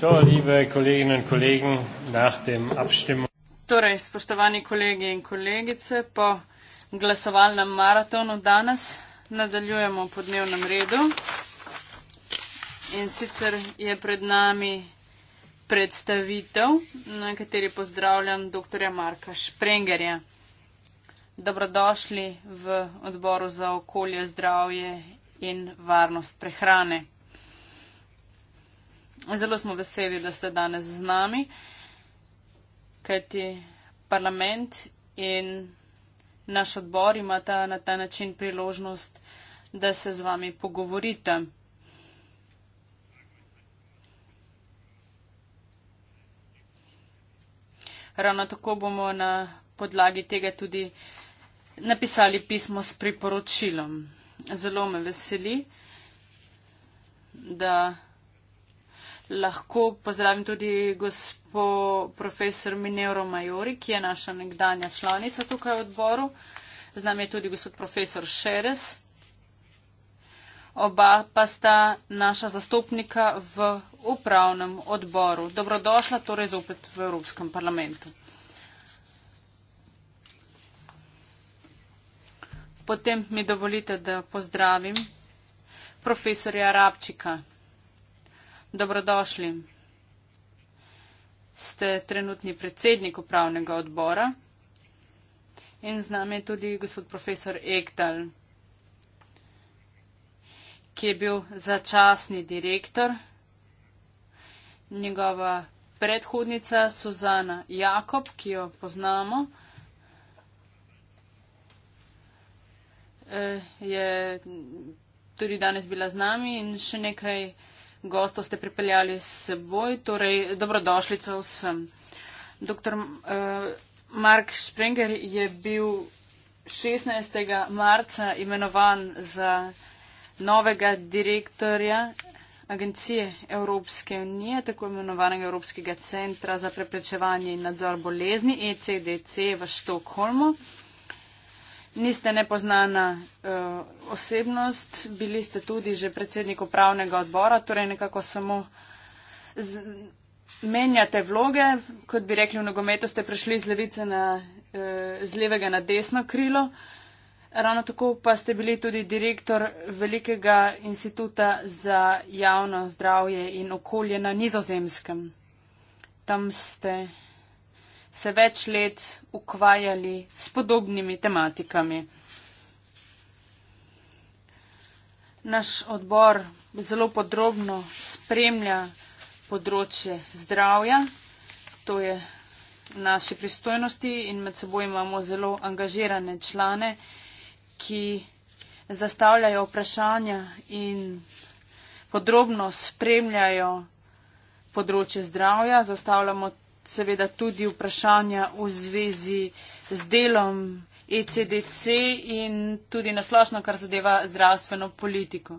So, liebe Kolleginnen und Kollegen, nach dem Abstimmung. Torej, spoštovani kolegi in kolegice, po glasovalnem maratonu danes nadaljujemo po dnevnem redu. In sicer je pred nami predstavitev, na kateri pozdravljam dr. Marka Šprengerja. Dobrodošli v odboru za okolje, zdravje in varnost prehrane. Zelo smo veseli, da ste danes z nami, kajti parlament in naš odbor imata na ta način priložnost, da se z vami pogovorite. Ravno tako bomo na podlagi tega tudi napisali pismo s priporočilom. Zelo me veseli, da lahko pozdravim tudi gospo profesor Minero Majori, ki je naša nekdanja članica tukaj v odboru. Z nami je tudi gospod profesor Šeres. Oba pa sta naša zastopnika v upravnem odboru. Dobrodošla torej zopet v Evropskem parlamentu. Potem mi dovolite, da pozdravim profesorja Rabčika, Dobrodošli. Ste trenutni predsednik upravnega odbora in z nami je tudi gospod profesor Ektal, ki je bil začasni direktor. Njegova predhodnica Suzana Jakob, ki jo poznamo, eh, je tudi danes bila z nami in še nekaj gosto ste pripeljali s seboj, torej dobrodošlica vsem. Dr. Eh, Mark Sprenger je bil 16. marca imenovan za novega direktorja Agencije Evropske unije, tako imenovanega Evropskega centra za preprečevanje in nadzor bolezni ECDC v Štokholmu niste nepoznana uh, osebnost, bili ste tudi že predsednik upravnega odbora, torej nekako samo z, menjate vloge, kot bi rekli v nogometu, ste prišli z, na, uh, z levega na desno krilo. Ravno tako pa ste bili tudi direktor velikega instituta za javno zdravje in okolje na nizozemskem. Tam ste se več let ukvarjali s podobnimi tematikami. Naš odbor zelo podrobno spremlja področje zdravja, to je v naši pristojnosti in med seboj imamo zelo angažirane člane, ki zastavljajo vprašanja in podrobno spremljajo področje zdravja, zastavljamo seveda tudi vprašanja v zvezi z delom ECDC in tudi nasplošno, kar zadeva zdravstveno politiko.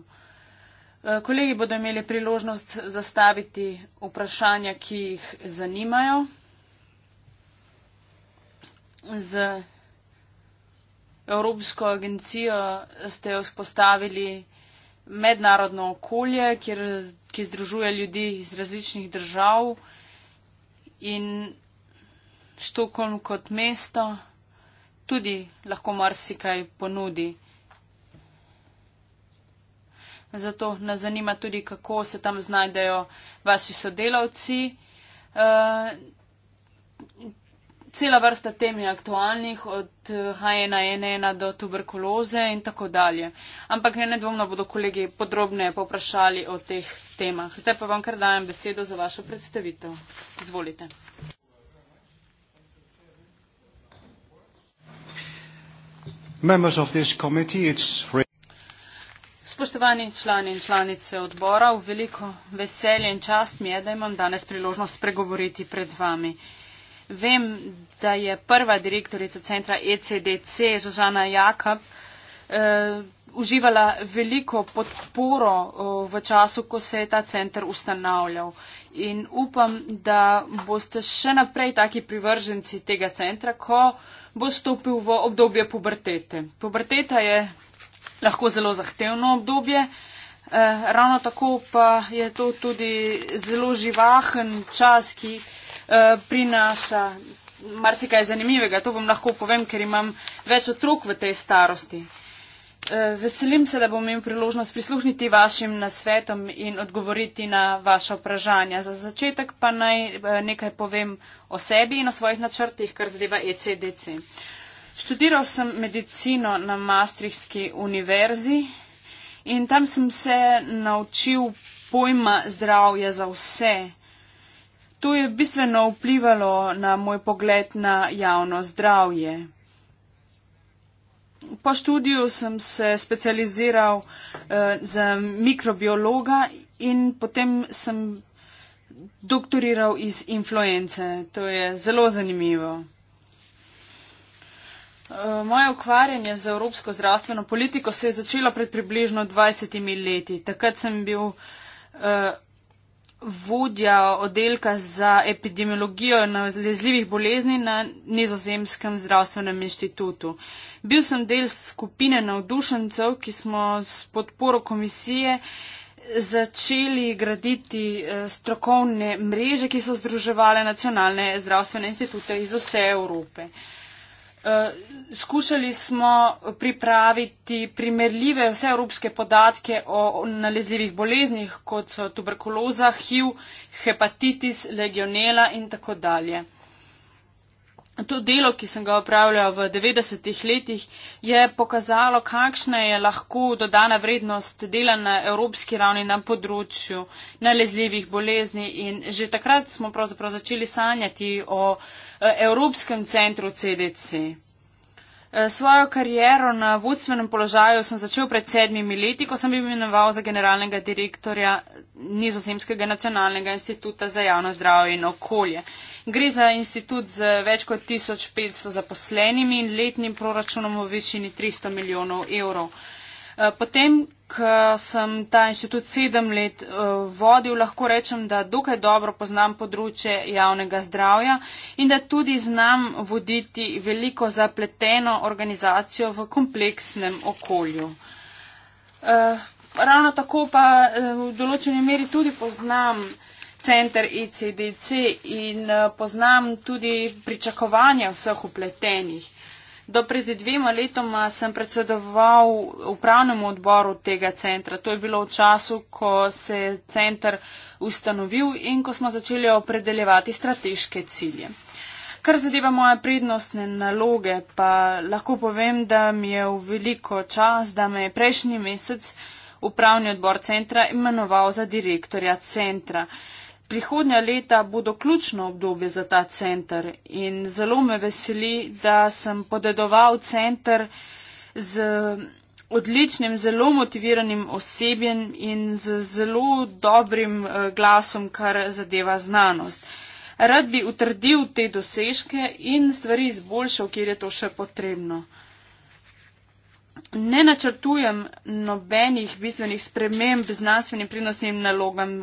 E, kolegi bodo imeli priložnost zastaviti vprašanja, ki jih zanimajo. Z Evropsko agencijo ste vzpostavili mednarodno okolje, kjer, ki združuje ljudi iz različnih držav in Štokholm kot mesto tudi lahko marsikaj ponudi. Zato nas zanima tudi, kako se tam znajdejo vaši sodelavci. Uh, cela vrsta tem je aktualnih, od H1N1 eh, do tuberkuloze in tako dalje. Ampak nedvomno bodo kolegi podrobneje poprašali o teh temah. Zdaj pa vam kar dajem besedo za vašo predstavitev. Izvolite. Spoštovani člani in članice odbora, v veliko veselje in čast mi je, da imam danes priložnost spregovoriti pred vami. Uh, Vem, da je prva direktorica centra ECDC, Zuzana Jakab, eh, uživala veliko podporo v času, ko se je ta center ustanavljal. In upam, da boste še naprej taki privrženci tega centra, ko bo stopil v obdobje pubertete. Puberteta je lahko zelo zahtevno obdobje, eh, ravno tako pa je to tudi zelo živahen čas, ki Eh, prinaša marsikaj zanimivega. To vam lahko povem, ker imam več otrok v tej starosti. Eh, veselim se, da bom imel priložnost prisluhniti vašim nasvetom in odgovoriti na vaše vprašanja. Za začetek pa naj eh, nekaj povem o sebi in o svojih načrtih, kar zadeva ECDC. Študiral sem medicino na Maastrichtski univerzi in tam sem se naučil pojma zdravja za vse To je bistveno vplivalo na moj pogled na javno zdravje. Po študiju sem se specializiral eh, za mikrobiologa in potem sem doktoriral iz influence. To je zelo zanimivo. Eh, moje ukvarjanje z evropsko zdravstveno politiko se je začelo pred približno 20 leti. Takrat sem bil eh, vodja oddelka za epidemiologijo nalezljivih bolezni na Nizozemskem zdravstvenem inštitutu. Bil sem del skupine navdušencev, ki smo s podporo komisije začeli graditi eh, strokovne mreže, ki so združevale nacionalne zdravstvene institute iz vse Evrope. Uh, skušali smo pripraviti primerljive vse evropske podatke o nalezljivih boleznih, kot so tuberkuloza, HIV, hepatitis, legionela in tako dalje. To delo, ki sem ga upravljal v 90-ih letih, je pokazalo, kakšna je lahko dodana vrednost dela na evropski ravni na področju nalezljivih bolezni. In že takrat smo začeli sanjati o eh, Evropskem centru CDC. Eh, svojo kariero na vodstvenem položaju sem začel pred sedmimi leti, ko sem bil imenoval za generalnega direktorja Nizozemskega nacionalnega instituta za javno zdravje in okolje. Gre za institut z več kot 1500 zaposlenimi in letnim proračunom v višini 300 milijonov evrov. Eh, potem, ko sem ta inštitut sedem let eh, vodil, lahko rečem, da dokaj dobro poznam področje javnega zdravja in da tudi znam voditi veliko zapleteno organizacijo v kompleksnem okolju. Eh, ravno tako pa eh, v določeni meri tudi poznam center ICDC e in poznam tudi pričakovanja vseh upletenih da pred dvema letoma sem predsedoval upravnemu odboru tega centra. To je bilo v času, ko se je centr ustanovil in ko smo začeli opredeljevati strateške cilje. Kar zadeva moje prednostne naloge, pa lahko povem, da mi je v veliko čas, da me je prejšnji mesec upravni odbor centra imenoval za direktorja centra. Prihodnja leta bodo ključno obdobje za ta center in zelo me veseli, da sem podedoval center z odličnim, zelo motiviranim osebjem in z zelo dobrim eh, glasom, kar zadeva znanost. Rad bi utrdil te dosežke in stvari izboljšal, kjer je to še potrebno. Ne načrtujem nobenih bistvenih sprememb znanstvenim prinosnim nalogam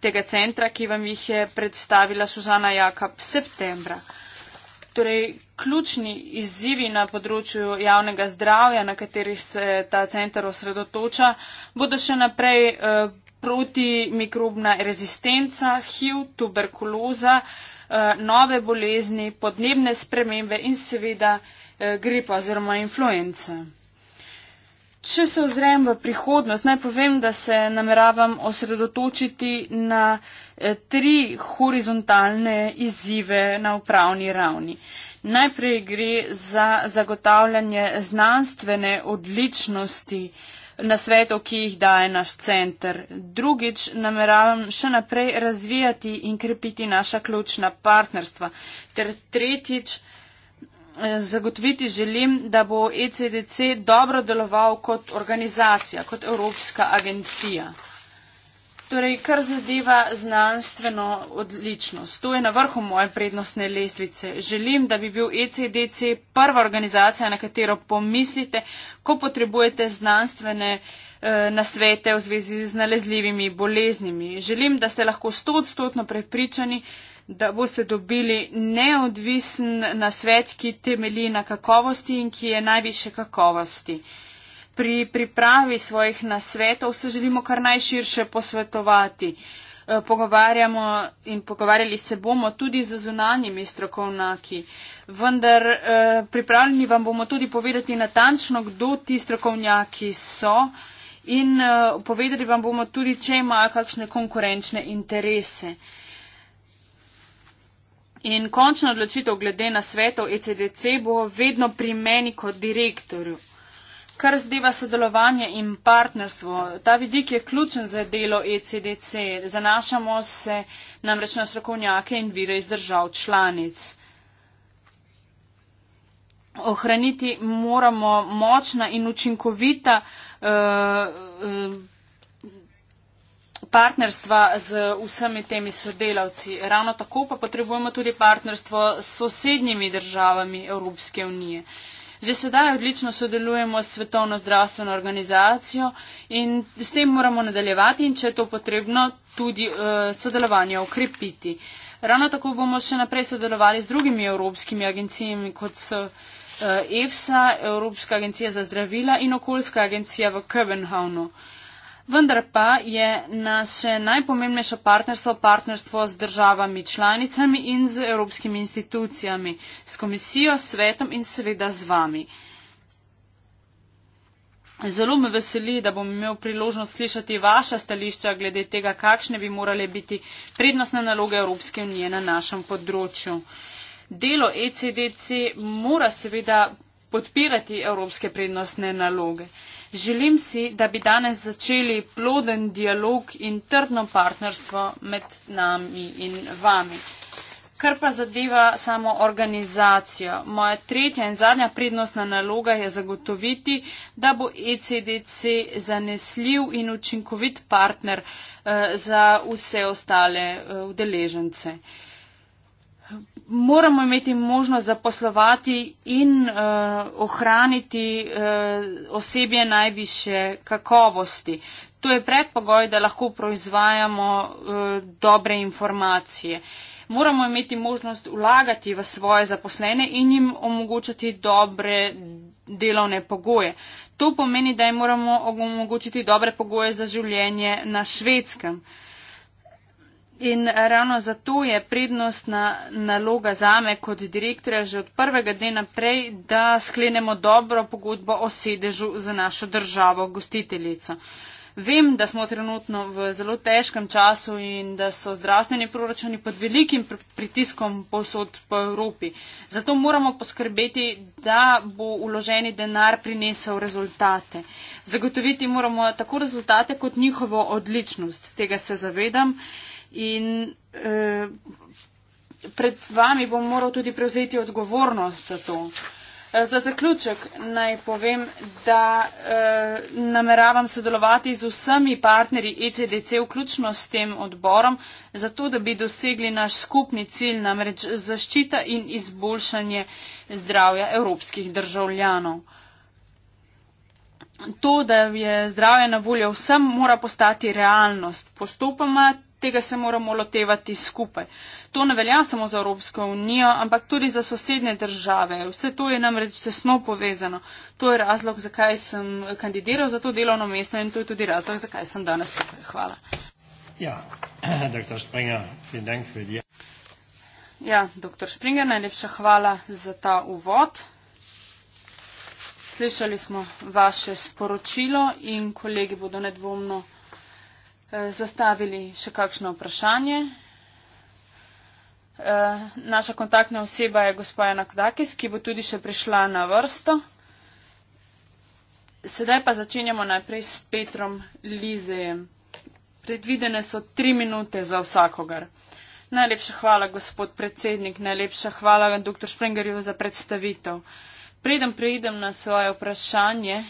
tega centra, ki vam jih je predstavila Suzana Jakab septembra. Torej, ključni izzivi na področju javnega zdravja, na katerih se ta centar osredotoča, bodo še naprej eh, protimikrobna rezistenca, HIV, tuberkuloza, eh, nove bolezni, podnebne spremembe in seveda eh, gripa oziroma influence. Če se ozrem v prihodnost, naj povem, da se nameravam osredotočiti na eh, tri horizontalne izzive na upravni ravni. Najprej gre za zagotavljanje znanstvene odličnosti na svetu, ki jih daje naš centr. Drugič nameravam še naprej razvijati in krepiti naša ključna partnerstva. Ter tretjič, zagotoviti želim, da bo ECDC dobro deloval kot organizacija, kot Evropska agencija. Torej, kar zadeva znanstveno odličnost. To je na vrhu moje prednostne lestvice. Želim, da bi bil ECDC prva organizacija, na katero pomislite, ko potrebujete znanstvene eh, nasvete v zvezi z nalezljivimi boleznimi. Želim, da ste lahko stotstotno prepričani, da boste dobili neodvisen nasvet, ki temelji na kakovosti in ki je najviše kakovosti. Pri pripravi svojih nasvetov se želimo kar najširše posvetovati. E, pogovarjamo in pogovarjali se bomo tudi z zunanjimi strokovnaki, vendar e, pripravljeni vam bomo tudi povedati natančno, kdo ti strokovnjaki so in e, povedali vam bomo tudi, če imajo kakšne konkurenčne interese. In končna odločitev glede na svetov ECDC bo vedno pri meni kot direktorju. Kar zdeva sodelovanje in partnerstvo, ta vidik je ključen za delo ECDC. Zanašamo se namreč na strokovnjake in vire iz držav članic. Ohraniti moramo močna in učinkovita. Uh, uh, partnerstva z vsemi temi sodelavci. Ravno tako pa potrebujemo tudi partnerstvo s sosednjimi državami Evropske unije. Že sedaj odlično sodelujemo s Svetovno zdravstveno organizacijo in s tem moramo nadaljevati in, če je to potrebno, tudi uh, sodelovanje okrepiti. Ravno tako bomo še naprej sodelovali z drugimi evropskimi agencijami, kot so uh, EFSA, Evropska agencija za zdravila in Okoljska agencija v Kopenhavnu. Uh, Vendar pa je naše najpomembnejše partnerstvo partnerstvo z državami članicami in z evropskimi institucijami, s komisijo, svetom in seveda z vami. Zelo me veseli, da bom imel priložnost slišati vaša stališča glede tega, kakšne bi morale biti prednostne naloge Evropske unije na našem področju. Delo ECDC mora seveda podpirati evropske prednostne naloge. Želim si, da bi danes začeli ploden dialog in trdno partnerstvo med nami in vami. Kar pa zadeva samo organizacijo. Moja tretja in zadnja prednostna naloga je zagotoviti, da bo ECDC zanesljiv in učinkovit partner eh, za vse ostale eh, udeležence. Eh, moramo imeti možnost zaposlovati in uh, ohraniti uh, osebje najviše kakovosti. To je predpogoj, da lahko proizvajamo uh, dobre informacije. Moramo imeti možnost ulagati v svoje zaposlene in jim omogočati dobre delovne pogoje. To pomeni, da jim moramo omogočiti dobre pogoje za življenje na švedskem. Uh, In ravno zato je prednostna naloga zame kot direktorja že od prvega dne naprej, da sklenemo dobro pogodbo o sedežu za našo državo gostiteljico. Vem, da smo trenutno v zelo težkem času in da so zdravstveni proračuni pod velikim pritiskom posod po Evropi. Zato moramo poskrbeti, da bo uloženi denar prinesel rezultate. Zagotoviti moramo tako rezultate kot njihovo odličnost. Tega se zavedam. Uh, in eh, pred vami bom moral tudi prevzeti odgovornost za to. Eh, za zaključek naj povem, da eh, nameravam sodelovati z vsemi partnerji ECDC, vključno s tem odborom, zato da bi dosegli naš skupni cilj, namreč zaščita in izboljšanje zdravja evropskih državljanov. To, da je zdravje na voljo vsem, mora postati realnost. Postopoma tega se moramo lotevati skupaj. To ne velja samo za Evropsko unijo, ampak tudi za sosednje države. Vse to je namreč tesno povezano. To je razlog, zakaj sem kandidiral za to delovno mesto in to je tudi razlog, zakaj sem danes tukaj. Hvala. Ja, doktor Springer, vielen Dank für die. Ja, doktor Springer, najlepša hvala za ta uvod. Slišali smo vaše sporočilo in kolegi bodo nedvomno. Eh, zastavili še kakšno vprašanje. Eh, naša kontaktna oseba je gospa Jana Kdakis, ki bo tudi še prišla na vrsto. Sedaj pa začenjamo najprej s Petrom Lizejem. Predvidene so tri minute za vsakogar. Najlepša hvala, gospod predsednik, najlepša hvala, dr. Šprengerju, za predstavitev. Preden preidem na svoje vprašanje,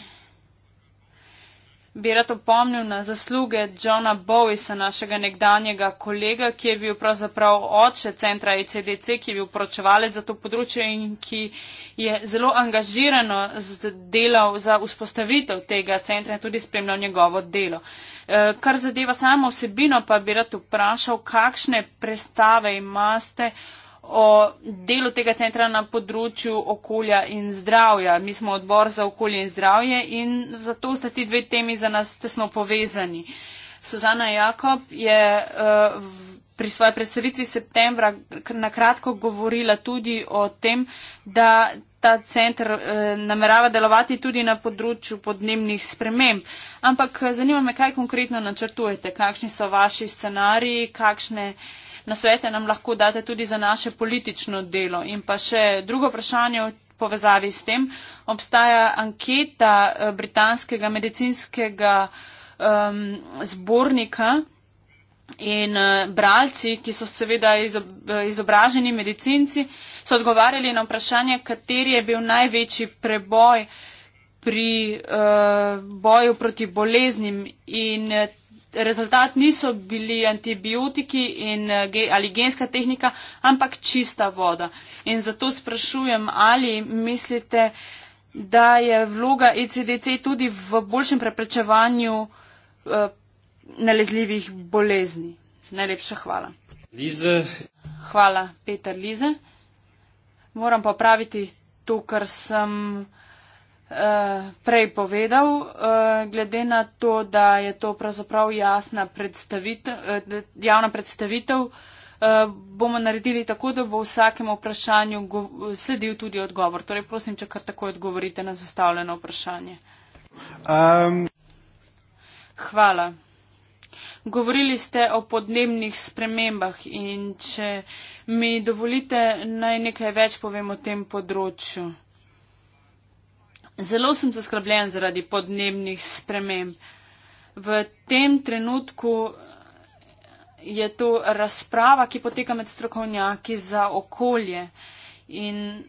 bi rad opomnil na zasluge Johna Bowisa, našega nekdanjega kolega, ki je bil pravzaprav oče centra ECDC, ki je bil poročevalec za to področje in ki je zelo angažirano delal za vzpostavitev tega centra in tudi spremljal njegovo delo. Eh, kar zadeva samo vsebino, pa bi rad vprašal, kakšne prestave imate o delu tega centra na področju okolja in zdravja. Mi smo odbor za okolje in zdravje in zato sta ti dve temi za nas tesno povezani. Suzana Jakob je eh, pri svoji predstavitvi septembra nakratko govorila tudi o tem, da ta centr eh, namerava delovati tudi na področju podnebnih sprememb. Ampak eh, zanima me, kaj konkretno načrtujete, kakšni so vaši scenariji, kakšne nasvete nam lahko date tudi za naše politično delo. In pa še drugo vprašanje povezavi s tem. Obstaja anketa eh, britanskega medicinskega um, zbornika in uh, bralci, ki so seveda izobraženi medicinci, so odgovarjali na vprašanje, kateri je bil največji preboj pri uh, boju proti boleznim in uh, rezultat niso bili antibiotiki in, eh, ali genska tehnika, ampak čista voda. In zato sprašujem, ali mislite, da je vloga ECDC tudi v boljšem preprečevanju eh, nalezljivih bolezni. Najlepša hvala. Lize. Hvala, Peter Lize. Moram popraviti to, kar sem prej povedal, eh, glede na to, da je to pravzaprav jasna predstavitev, eh, javna predstavitev, eh, bomo naredili tako, da bo vsakemu vprašanju sledil tudi odgovor. Torej, prosim, če kar tako odgovorite na zastavljeno vprašanje. Um. Hvala. Govorili ste o podnebnih spremembah in če mi dovolite, naj nekaj več povem o tem področju. Zelo sem zaskrbljen zaradi podnebnih sprememb. V tem trenutku je to razprava, ki poteka med strokovnjaki za okolje. In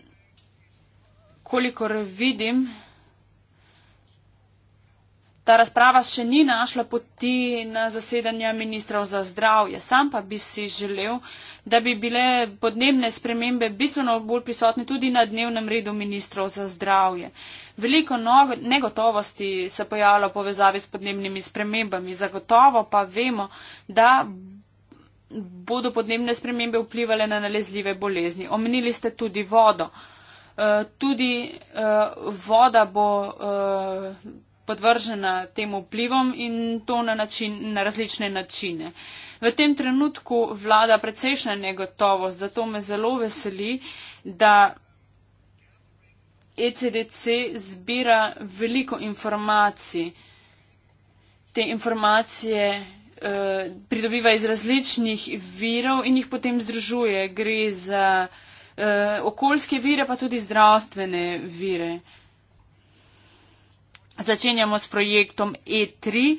kolikor vidim, Ta razprava še ni našla poti na zasedanja ministrov za zdravje. Sam pa bi si želel, da bi bile podnebne spremembe bistveno bolj prisotne tudi na dnevnem redu ministrov za zdravje. Veliko negotovosti se pojavlja v povezavi s podnebnimi spremembami. Zagotovo pa vemo, da bodo podnebne spremembe vplivali na nalezljive bolezni. Omenili ste tudi vodo. Eh, tudi eh, voda bo eh, podvržena tem vplivom in to na, način, na različne načine. V tem trenutku vlada precejšna negotovost, zato me zelo veseli, da ECDC zbira veliko informacij. Te informacije eh, pridobiva iz različnih virov in jih potem združuje. Gre za eh, okoljske vire, pa tudi zdravstvene vire. Eh, začenjamo s projektom E3.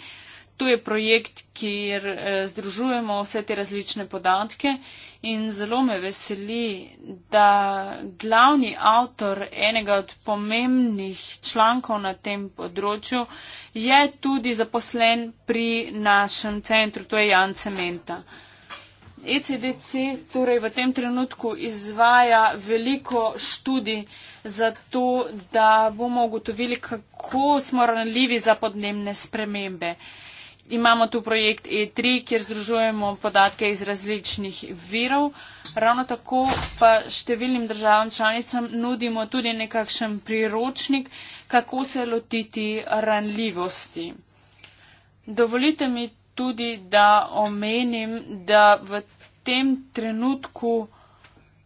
To je projekt, kjer eh, združujemo vse te različne podatke in zelo me veseli, da glavni avtor enega od pomembnih člankov na tem področju je tudi zaposlen pri našem centru, to je Jan Cementa. Uh, ECDC torej v tem trenutku izvaja veliko študij za to, da bomo ugotovili, kako smo ranljivi za podnebne spremembe. Imamo tu projekt E3, kjer združujemo podatke iz različnih virov. Ravno tako pa številnim državam članicam nudimo tudi nekakšen priročnik, kako se lotiti ranljivosti. Dovolite mi tudi, da omenim, da v tem trenutku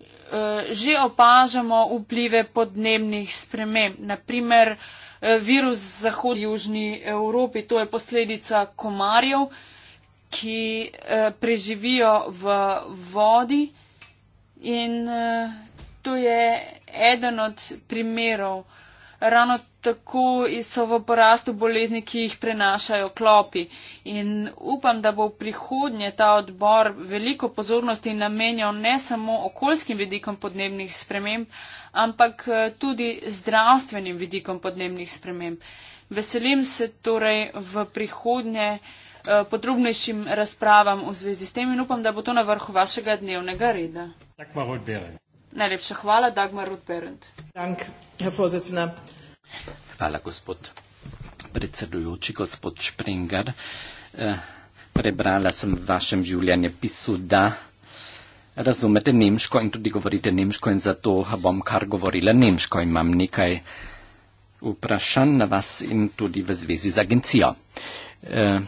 eh, že opažamo vplive podnebnih sprememb. Naprimer, eh, virus v zahodni južni Evropi, to je posledica komarjev, ki eh, preživijo v vodi in to je eden od primerov ravno tako so v porastu bolezni, ki jih prenašajo klopi. In upam, da bo v prihodnje ta odbor veliko pozornosti namenjal ne samo okoljskim vidikom podnebnih sprememb, ampak eh, tudi zdravstvenim vidikom podnebnih sprememb. Veselim se torej v prihodnje eh, podrobnejšim razpravam v zvezi s tem in upam, da bo to na vrhu vašega dnevnega reda. Tak pa odbere. Najlepša hvala, Dagmar Rudberend. Hvala, gospod predsedujoči, gospod Springer. Eh, prebrala sem v vašem življenjepisu, da razumete nemško in tudi govorite nemško in zato bom kar govorila nemško. Imam nekaj vprašanj na vas in tudi v zvezi z agencijo. Eh,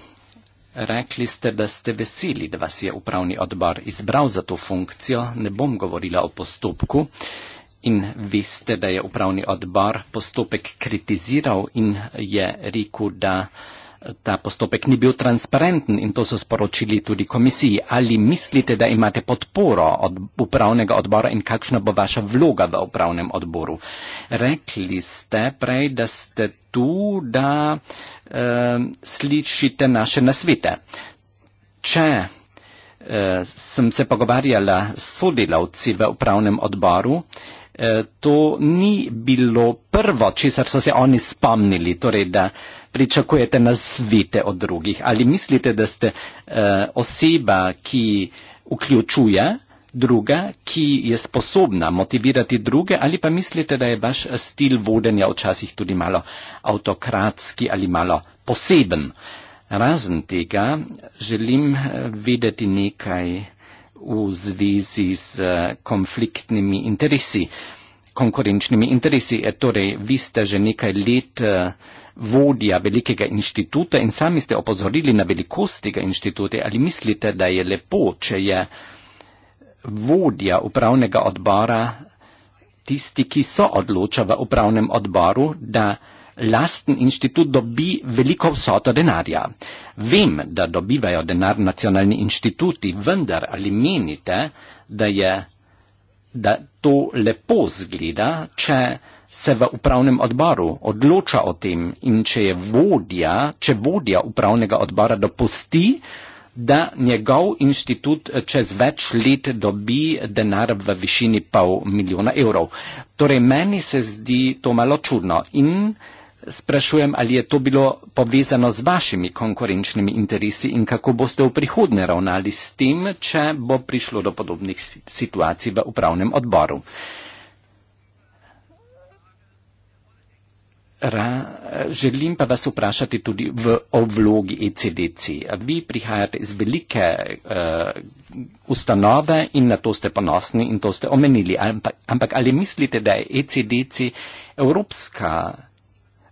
Rekli ste, da ste veseli, da vas je upravni odbor izbral za to funkcijo, ne bom govorila o postopku. In vi ste, da je upravni odbor postopek kritiziral in je rekel, da ta postopek ni bil transparenten in to so sporočili tudi komisiji. Ali mislite, da imate podporo od upravnega odbora in kakšna bo vaša vloga v upravnem odboru? Rekli ste prej, da ste tu, da uh, uh, slišite naše nasvite. Če uh, sem se pogovarjala s sodelavci v upravnem odboru, uh, To ni bilo prvo, česar so se oni spomnili, torej da pričakujete nasvite od drugih. Ali mislite, da ste uh, oseba, ki vključuje druga, ki je sposobna motivirati druge ali pa mislite, da je vaš stil vodenja včasih tudi malo avtokratski ali malo poseben. Razen tega želim eh, vedeti nekaj v zvezi z eh, konfliktnimi interesi, konkurenčnimi interesi. E, torej, vi ste že nekaj let eh, vodja velikega inštituta in sami ste opozorili na velikost tega inštituta. Ali mislite, da je lepo, če je vodja upravnega odbora, tisti, ki so odloča v upravnem odboru, da lasten inštitut dobi veliko vsoto denarja. Vem, da dobivajo denar nacionalni inštituti, vendar ali menite, da, je, da to lepo zgleda, če se v upravnem odboru odloča o tem in če je vodja, če vodja upravnega odbora dopusti, da njegov inštitut eh, čez več let dobi denar v višini pol milijona evrov. Torej, meni se zdi to malo čudno in sprašujem, ali je to bilo povezano z vašimi konkurenčnimi interesi in kako boste v prihodnje ravnali s tem, če bo prišlo do podobnih situacij v upravnem odboru. Ra, želim pa vas vprašati tudi v, o vlogi ECDC. Vi prihajate iz velike uh, ustanove in na to ste ponosni in to ste omenili. Ampak, ampak ali mislite, da je ECDC evropska,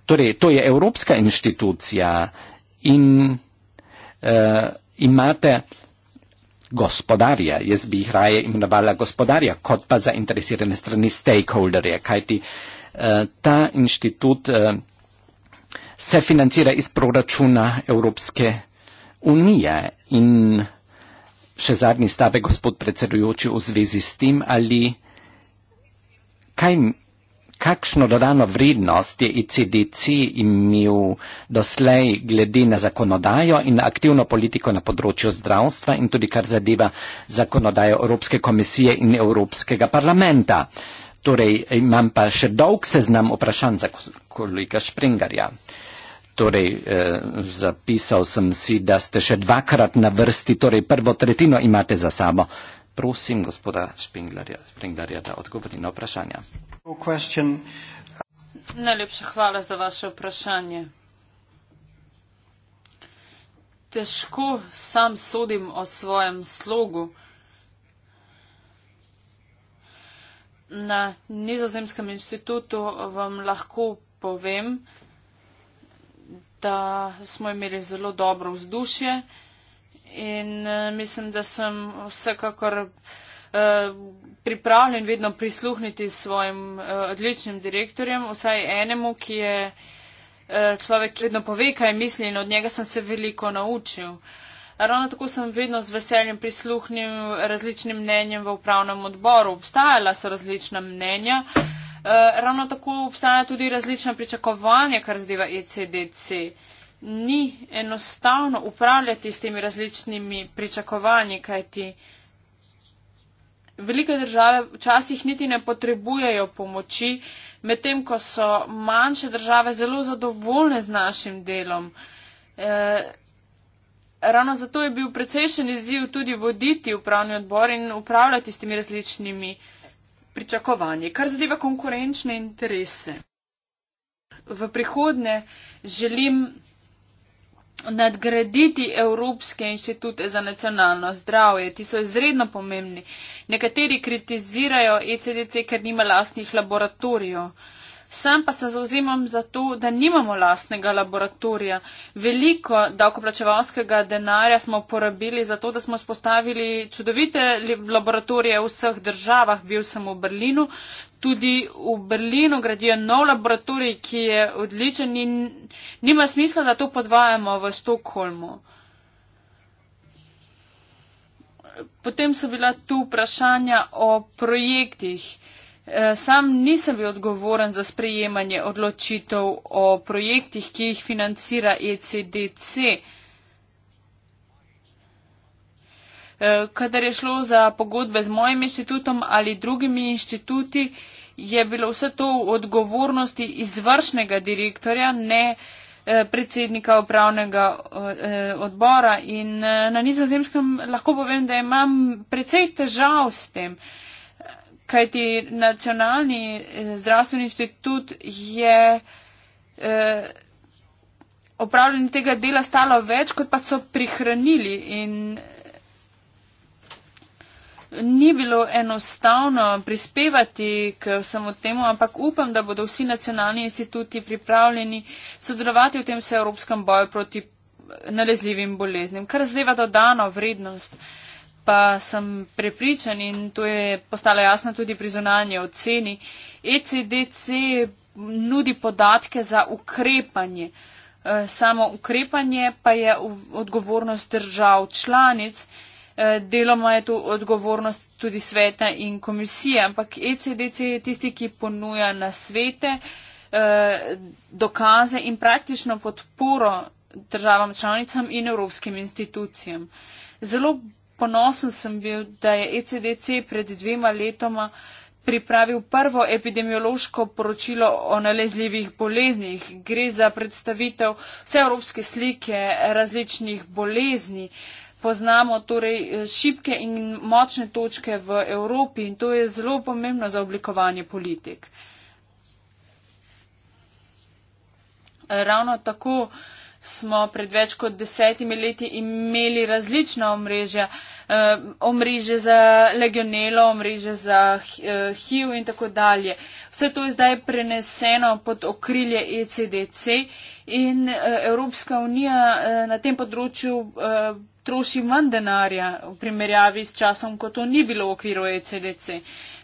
torej to je evropska inštitucija in uh, imate gospodarja, jaz bi jih raje imenovala gospodarja, kot pa zainteresirane strani stakeholderje, kajti uh, Eh, ta inštitut eh, se financira iz proračuna Evropske unije in še zadnji stave, gospod predsedujoči, v zvezi s tem, ali kaj, kakšno dodano vrednost je ICDC imel doslej glede na zakonodajo in aktivno politiko na področju zdravstva in tudi kar zadeva zakonodajo Evropske komisije in Evropskega parlamenta. Uh, torej imam pa še dolg seznam vprašanj za kolega Springarja. Torej, eh, zapisal sem si, da ste še dvakrat na vrsti, torej prvo tretjino imate za sabo. Prosim gospoda Springarja, da odgovori na vprašanja. Najlepša hvala za vaše vprašanje. Težko sam sodim o svojem slogu. na nizozemskem inštitutu vam lahko povem, da smo imeli zelo dobro vzdušje in eh, mislim, da sem vsekakor eh, pripravljen vedno prisluhniti svojim eh, odličnim direktorjem, vsaj enemu, ki je človek, ki vedno pove, kaj misli in od njega sem se veliko naučil. Ravno tako sem vedno z veseljem prisluhnil različnim mnenjem v upravnem odboru. Obstajala so različna mnenja. Eh, ravno tako obstaja tudi različna pričakovanja, kar zdeva ECDC. Ni enostavno upravljati s temi različnimi pričakovanji, kajti velike države včasih niti ne potrebujejo pomoči, medtem ko so manjše države zelo zadovoljne z našim delom. E, ravno zato je bil precejšen izziv tudi voditi upravni odbor in upravljati s temi različnimi pričakovanji, kar zadeva konkurenčne interese. V prihodnje želim nadgraditi Evropske inštitute za nacionalno zdravje. Ti so izredno pomembni. Nekateri kritizirajo ECDC, ker nima lastnih laboratorijev. Sam pa se zauzemam za to, da nimamo lastnega laboratorija. Veliko davkoplačevalskega denarja smo porabili za to, da smo spostavili čudovite laboratorije v vseh državah, bil sem v Berlinu. Tudi v Berlinu gradijo nov laboratorij, ki je odličen in nima smisla, da to podvajamo v Stokholmu. Potem so bila tu vprašanja o projektih. Eh, sam nisem bil odgovoren za sprejemanje odločitev o projektih, ki jih financira ECDC. Eh, kadar je šlo za pogodbe z mojim inštitutom ali drugimi inštituti, je bilo vse to v odgovornosti izvršnega direktorja, ne eh, predsednika upravnega odbora. In na nizozemskem lahko povem, da imam precej težav s tem. Kajti nacionalni eh, zdravstveni institut je eh, opravljanje tega dela stalo več, kot pa so prihranili. In ni bilo enostavno prispevati k samo temu, ampak upam, da bodo vsi nacionalni instituti pripravljeni sodelovati v tem vseevropskem boju proti nalezljivim boleznim, kar zleva dodano vrednost. Eh, pa sem prepričan in to je postalo jasno tudi pri zunanje oceni, ECDC nudi podatke za ukrepanje. E, samo ukrepanje pa je odgovornost držav članic, e, deloma je to odgovornost tudi sveta in komisije, ampak ECDC je tisti, ki ponuja na svete e, dokaze in praktično podporo državam članicam in evropskim institucijam. Zelo ponosen sem bil, da je ECDC pred dvema letoma pripravil prvo epidemiološko poročilo o nalezljivih boleznih. Gre za predstavitev vseevropske slike različnih bolezni. Poznamo torej eh, šibke in močne točke v Evropi in to je zelo pomembno za oblikovanje politik. Ravno tako smo pred več kot desetimi leti imeli različna omrežja, eh, omrežje za legionelo, omrežje za eh, HIV in tako dalje. Vse to je zdaj preneseno pod okrilje ECDC in eh, Evropska unija eh, na tem področju eh, troši manj denarja v primerjavi s časom, ko to ni bilo v okviru ECDC.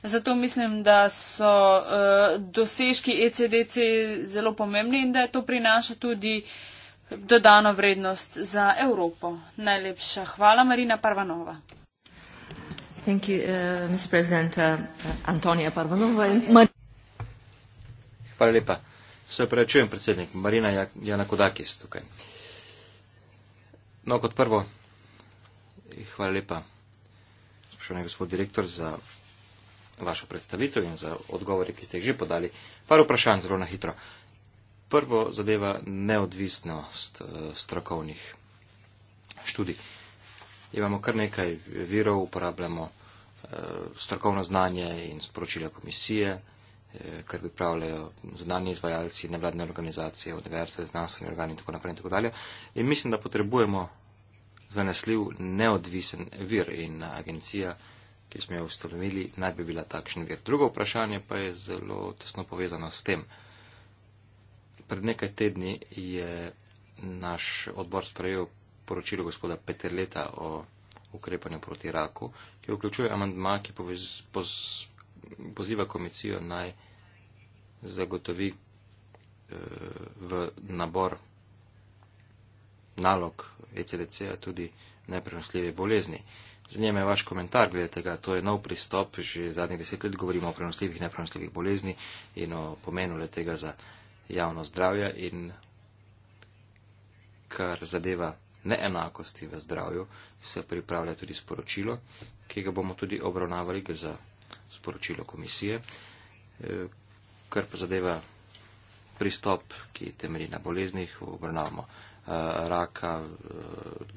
Zato mislim, da so eh, dosežki ECDC zelo pomembni in da je to prinaša tudi eh, dodano vrednost za Evropo. Najlepša hvala, Marina Parvanova. Thank you, uh, Mr. President, uh, Antonija Parvanova. Mar hvala lepa. Se prečujem, predsednik. Marina ja- Janakodakis tukaj. No, kot prvo, hvala lepa, spoštovani gospod direktor, za vašo predstavitev in za odgovore, ki ste jih že podali. Par vprašanj zelo na hitro. Uh, Prvo zadeva neodvisnost eh, strokovnih študij. Imamo kar nekaj virov, uporabljamo eh, strokovno znanje in sporočila komisije, eh, kar pripravljajo zunani izvajalci, nevladne organizacije, univerze, znanstveni organi in tako naprej in tako dalje. In mislim, da potrebujemo zanesljiv neodvisen vir in agencija, ki smo jo ustanovili, naj bi bila takšen vir. Drugo vprašanje pa je zelo tesno povezano s tem pred nekaj tedni je naš odbor sprejel poročilo gospoda Peterleta o ukrepanju proti raku, ki vključuje amandma, ki poviz, poz, poziva komisijo naj zagotovi eh, v nabor nalog ECDC-a tudi neprenosljive bolezni. Zanima me vaš komentar glede tega. To je nov pristop. Že zadnjih deset let govorimo o prenosljivih in neprenosljivih bolezni in o pomenu le tega za javno zdravje in kar zadeva neenakosti v zdravju, se pripravlja tudi sporočilo, ki ga bomo tudi obravnavali, gre za sporočilo komisije, eh, kar pa zadeva pristop, ki temelji na boleznih, obravnavamo eh, raka, eh,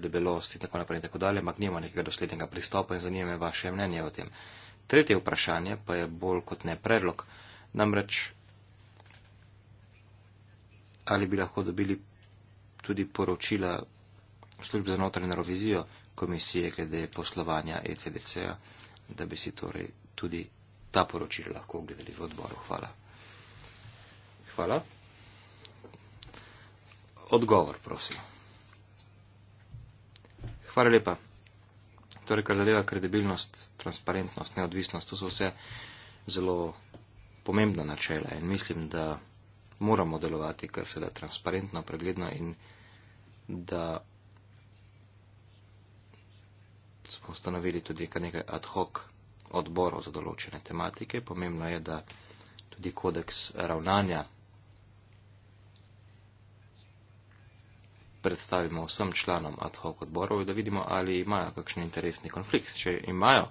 debelost in tako naprej in tako dalje, ampak nimamo nekega doslednega pristopa in zanima me vaše mnenje o tem. Tretje vprašanje pa je bolj kot ne predlog, namreč ali bi lahko dobili tudi poročila služb za notranjo revizijo komisije glede poslovanja ECDC-a, da bi si torej tudi ta poročila lahko ogledali v odboru. Hvala. Hvala. Odgovor, prosim. Hvala lepa. Torej, kar zadeva kredibilnost, transparentnost, neodvisnost, to so vse zelo pomembna načela in mislim, da moramo delovati kar se da transparentno, pregledno in da smo ustanovili tudi kar nekaj ad hoc odborov za določene tematike. Pomembno je, da tudi kodeks ravnanja predstavimo vsem članom ad hoc odborov, da vidimo, ali imajo kakšen interesni konflikt. Če imajo,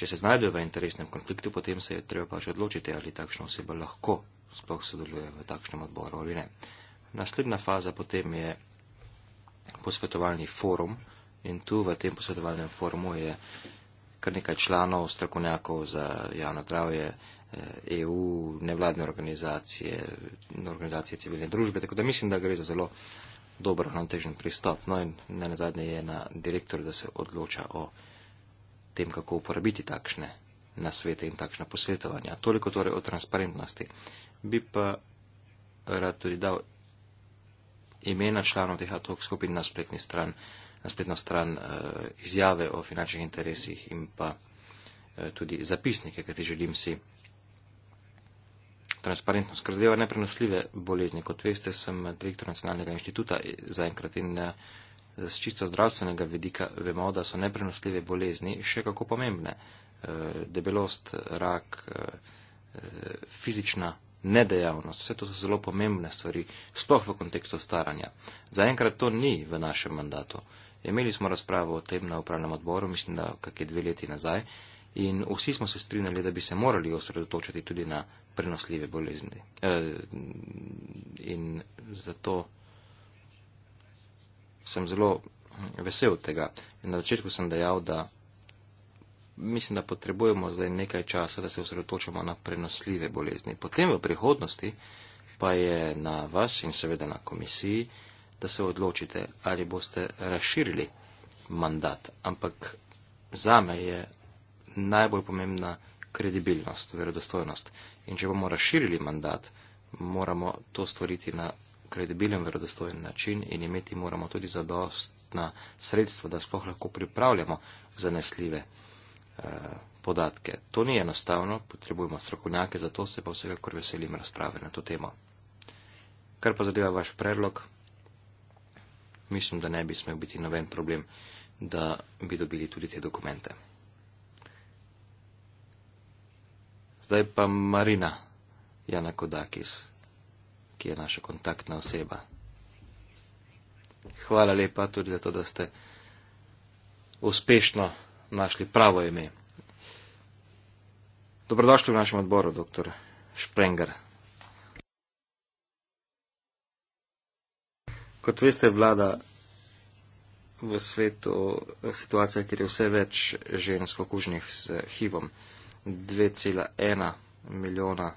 če se znajdejo v interesnem konfliktu, potem se je treba pač odločiti, ali takšno osebo lahko sploh sodeluje v takšnem odboru ali ne. Naslednja faza potem je posvetovalni forum in tu v tem posvetovalnem forumu je kar nekaj članov, strokovnjakov za javno zdravje, EU, eh, e nevladne organizacije, organizacije civilne družbe, tako da mislim, da gre za zelo dobro ravnotežen pristop. No in ne nazadnje je na direktor, da se odloča o tem, kako uporabiti takšne nasvete in takšna posvetovanja. Toliko torej o transparentnosti bi pa rad tudi dal imena članov teh atok skupin na spletni stran, na spletno stran uh, izjave o finančnih interesih in pa uh, tudi zapisnike, kajti želim si transparentno skrdeva neprenosljive bolezni. Kot veste, sem direktor Nacionalnega inštituta za enkrat in z eh, čisto zdravstvenega vidika vemo, da so neprenosljive bolezni še kako pomembne. Debelost, rak, fizična nedejavnost. Vse to so zelo pomembne stvari, sploh v kontekstu staranja. Zaenkrat to ni v našem mandatu. Imeli smo razpravo o tem na upravnem odboru, mislim, da kakšne dve leti nazaj, in vsi smo se strinjali, da bi se morali osredotočiti tudi na prenosljive bolezni. E, in zato sem zelo vesel tega. In na začetku sem dejal, da mislim, da potrebujemo zdaj nekaj časa, da se osredotočimo na prenosljive bolezni. Potem v prihodnosti pa je na vas in seveda na komisiji, da se odločite, ali boste razširili mandat. Ampak za me je najbolj pomembna kredibilnost, verodostojnost. In če bomo razširili mandat, moramo to storiti na kredibilen, verodostojen način in imeti moramo tudi zadostna sredstva, da sploh lahko pripravljamo zanesljive. Eh, podatke. To ni enostavno, potrebujemo strokovnjake, zato se pa vsekakor veselim razprave na to temo. Kar pa zadeva vaš predlog, mislim, da ne bi smel biti noben problem, da bi dobili tudi te dokumente. Zdaj pa Marina Janakodakis, ki je naša kontaktna oseba. Hvala lepa tudi za to, da ste uspešno našli pravo ime. Dobrodošli v našem odboru, dr. Šprenger. Kot veste, vlada v svetu situacija, kjer je vse več žensk okužnih z HIV-om. 2,1 milijona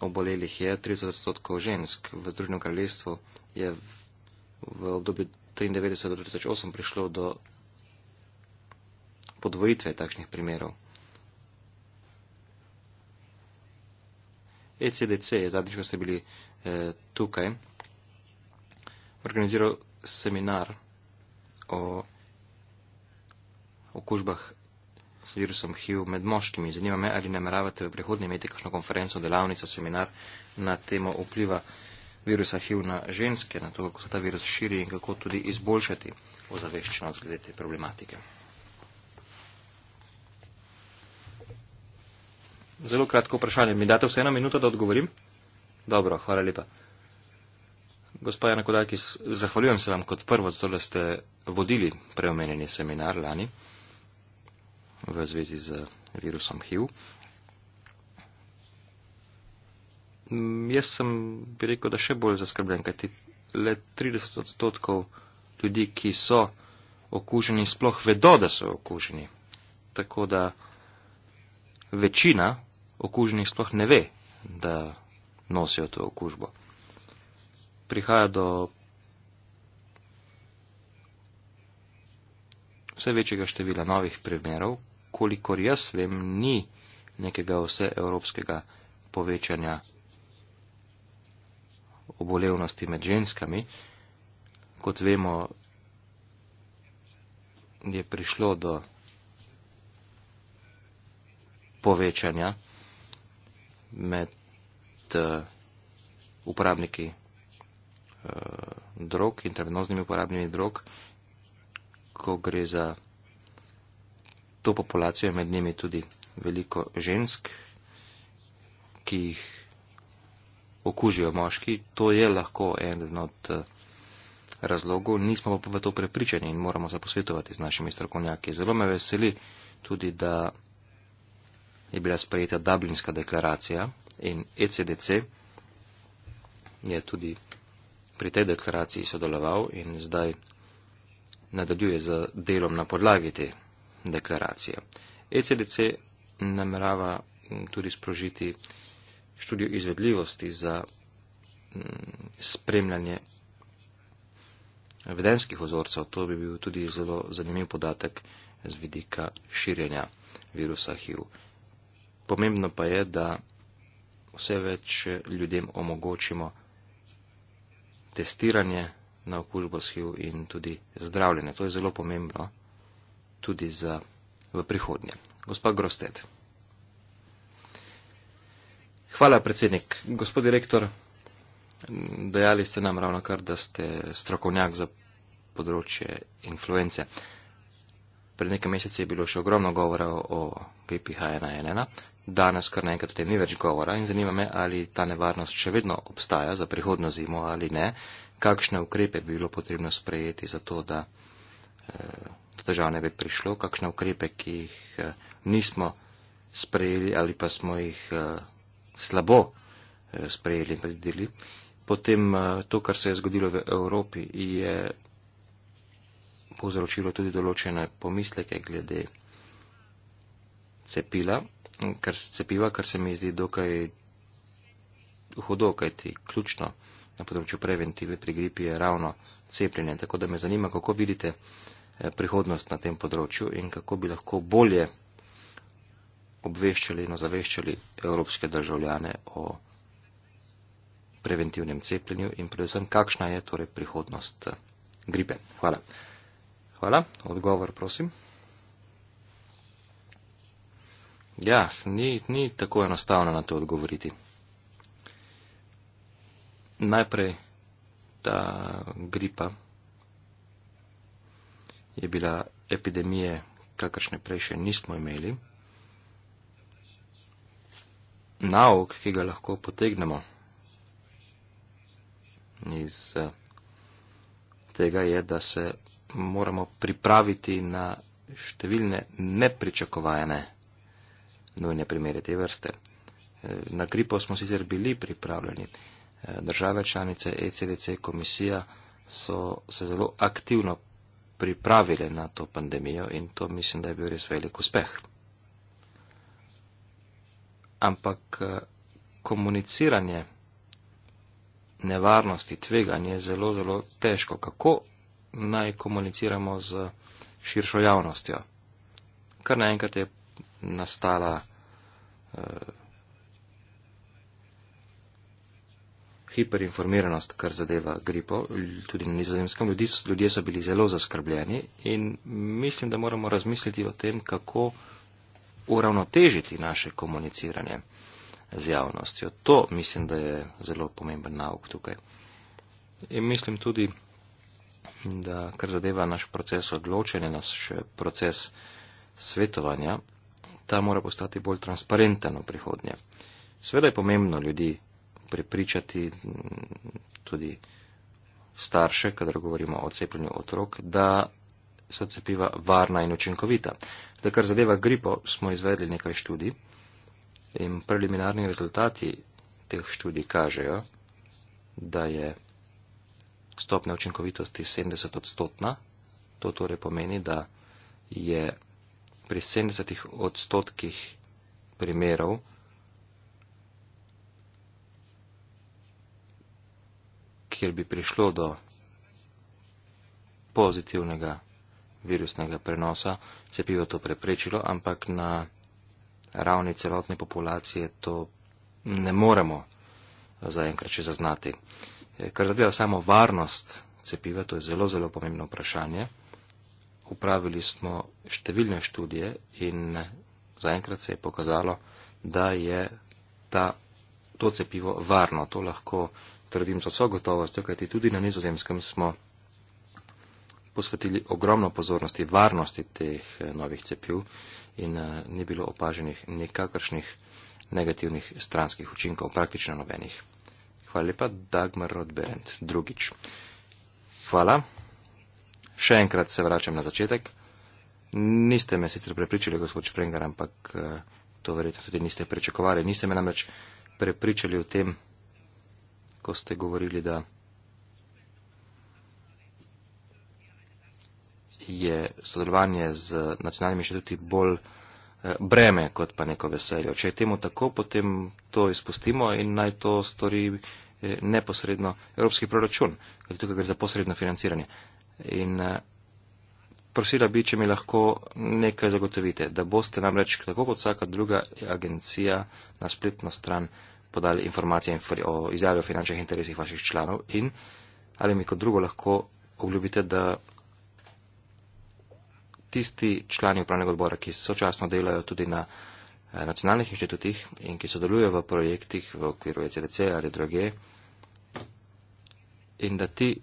obolelih je, 30 odstotkov žensk v Združenem kraljestvu je v, v obdobju 1993-2008 prišlo do podvojitve takšnih primerov. ECDC je zadnjič, ko ste bili eh, tukaj, organiziral seminar o okužbah s virusom HIV med moškimi. Zanima me, ali nameravate v prihodnje imeti kakšno konferenco, delavnico, seminar na temo vpliva virusa HIV na ženske, na to, kako se ta virus širi in kako tudi izboljšati ozaveščenost glede te problematike. zelo kratko vprašanje. Mi date vseeno minuto, da odgovorim? Dobro, hvala lepa. Gospod Jana Kodakis, zahvaljujem se vam kot prvo, zato da ste vodili preomenjeni seminar lani v zvezi z virusom HIV. Mm, jaz sem, bi rekel, da še bolj zaskrbljen, kajti le 30 odstotkov ljudi, ki so okuženi, sploh vedo, da so okuženi. Tako da večina okuženih sploh ne ve, da nosijo to okužbo. Prihaja do vse večjega števila novih primerov, kolikor jaz vem, ni nekega vseevropskega povečanja obolevnosti med ženskami. Kot vemo, je prišlo do povečanja med uh, uporabniki uh, drog, intravenoznimi uporabniki drog, ko gre za to populacijo, med njimi tudi veliko žensk, ki jih okužijo moški. To je lahko eden od eh, razlogov, nismo pa v to prepričani in moramo se posvetovati z našimi strokovnjaki. Zelo me veseli tudi, da je bila sprejeta Dublinska deklaracija in ECDC je tudi pri tej deklaraciji sodeloval in zdaj nadaljuje z delom na podlagi te deklaracije. ECDC namerava mm, tudi sprožiti študijo izvedljivosti za mm, spremljanje vedenskih ozorcev. To bi bil tudi zelo zanimiv podatek z vidika širjenja virusa HIV. Pomembno pa je, da vse več ljudem omogočimo testiranje na okužbo s HIV in tudi zdravljenje. To je zelo pomembno tudi za v prihodnje. Gospa Grosted. Hvala, predsednik. Gospod direktor, dejali ste nam ravno kar, da ste strokovnjak za področje influence. Pred nekaj meseci je bilo še ogromno govora o gripi H1N1, danes kar nekaj o tem ni več govora in zanima me, ali ta nevarnost še vedno obstaja za prihodno zimo ali ne, kakšne ukrepe bi bilo potrebno sprejeti za to, da eh, do eh, težav ne bi prišlo, kakšne ukrepe, ki jih eh, nismo sprejeli ali pa smo jih eh, slabo eh, sprejeli in predvideli. Potem eh, to, kar se je zgodilo v Evropi, je povzročilo tudi določene pomisleke glede cepila, kar, cepiva, kar se mi zdi dokaj hudo, kajti ključno na področju preventive pri gripi je ravno cepljenje. Tako da me zanima, kako vidite eh, prihodnost na tem področju in kako bi lahko bolje obveščali in ozaveščali evropske državljane o preventivnem cepljenju in predvsem, kakšna je torej prihodnost eh, gripe. Hvala. Hvala. Odgovor, prosim. Ja, ni, ni tako enostavno na to odgovoriti. Najprej ta gripa je bila epidemije, kakršne prej še nismo imeli. Nauk, ki ga lahko potegnemo iz eh, tega, je, da se moramo pripraviti na številne nepričakovane nujne primere te vrste. E, na gripo smo sicer bili pripravljeni. E, države članice ECDC komisija so se zelo aktivno pripravile na to pandemijo in to mislim, da je bil res velik uspeh. Ampak e, komuniciranje nevarnosti, tveganje je zelo, zelo težko. Kako naj komuniciramo z širšo javnostjo. Kar naenkrat je nastala uh, hiperinformiranost, kar zadeva gripo, tudi na nizozemskem. Ljudje, ljudje so bili zelo zaskrbljeni in mislim, da moramo razmisliti o tem, kako uravnotežiti naše komuniciranje z javnostjo. To mislim, da je zelo pomemben nauk tukaj. In mislim tudi, da kar zadeva naš proces odločanja, naš eh, proces svetovanja, ta mora postati bolj transparenten v prihodnje. Sveda je pomembno ljudi prepričati, mm, tudi starše, kadar govorimo o cepljenju otrok, da so cepiva varna in učinkovita. Zdaj, kar zadeva gripo, smo izvedli nekaj študij in preliminarni rezultati teh študij kažejo, da je stopnja učinkovitosti 70 odstotna. To torej pomeni, da je pri 70 odstotkih primerov kjer bi prišlo do pozitivnega virusnega prenosa, cepivo to preprečilo, ampak na ravni celotne populacije to ne moremo zaenkrat še zaznati. Uh, Eh, kar zadeva samo varnost cepiva, to je zelo, zelo pomembno vprašanje. Upravili smo številne študije in zaenkrat se je pokazalo, da je ta, to cepivo varno. To lahko trdim z vso gotovostjo, kajti tudi na nizozemskem smo posvetili ogromno pozornosti varnosti teh eh, novih cepiv in eh, ni bilo opaženih nekakršnih negativnih stranskih učinkov, praktično nobenih. Hvala lepa, Dagmar Rodberend. Drugič. Hvala. Še enkrat se vračam na začetek. Niste me sicer prepričali, gospod Šprengar, ampak eh, to verjetno tudi niste prečakovali. Niste me namreč prepričali o tem, ko ste govorili, da je sodelovanje z nacionalnimi inštituti bolj eh, breme kot pa neko veselje. Če je temu tako, potem to izpustimo in naj to stori. Eh, neposredno evropski proračun, ker tukaj gre za posredno financiranje. In eh, prosila bi, če mi lahko nekaj zagotovite, da boste namreč, tako kot vsaka druga agencija, na spletno stran podali informacije o izjavi o finančnih interesih vaših članov in ali mi kot drugo lahko obljubite, da tisti člani upravnega odbora, ki sočasno delajo tudi na eh, nacionalnih inštitutih in ki sodelujejo v projektih v okviru ECDC ali druge, in da ti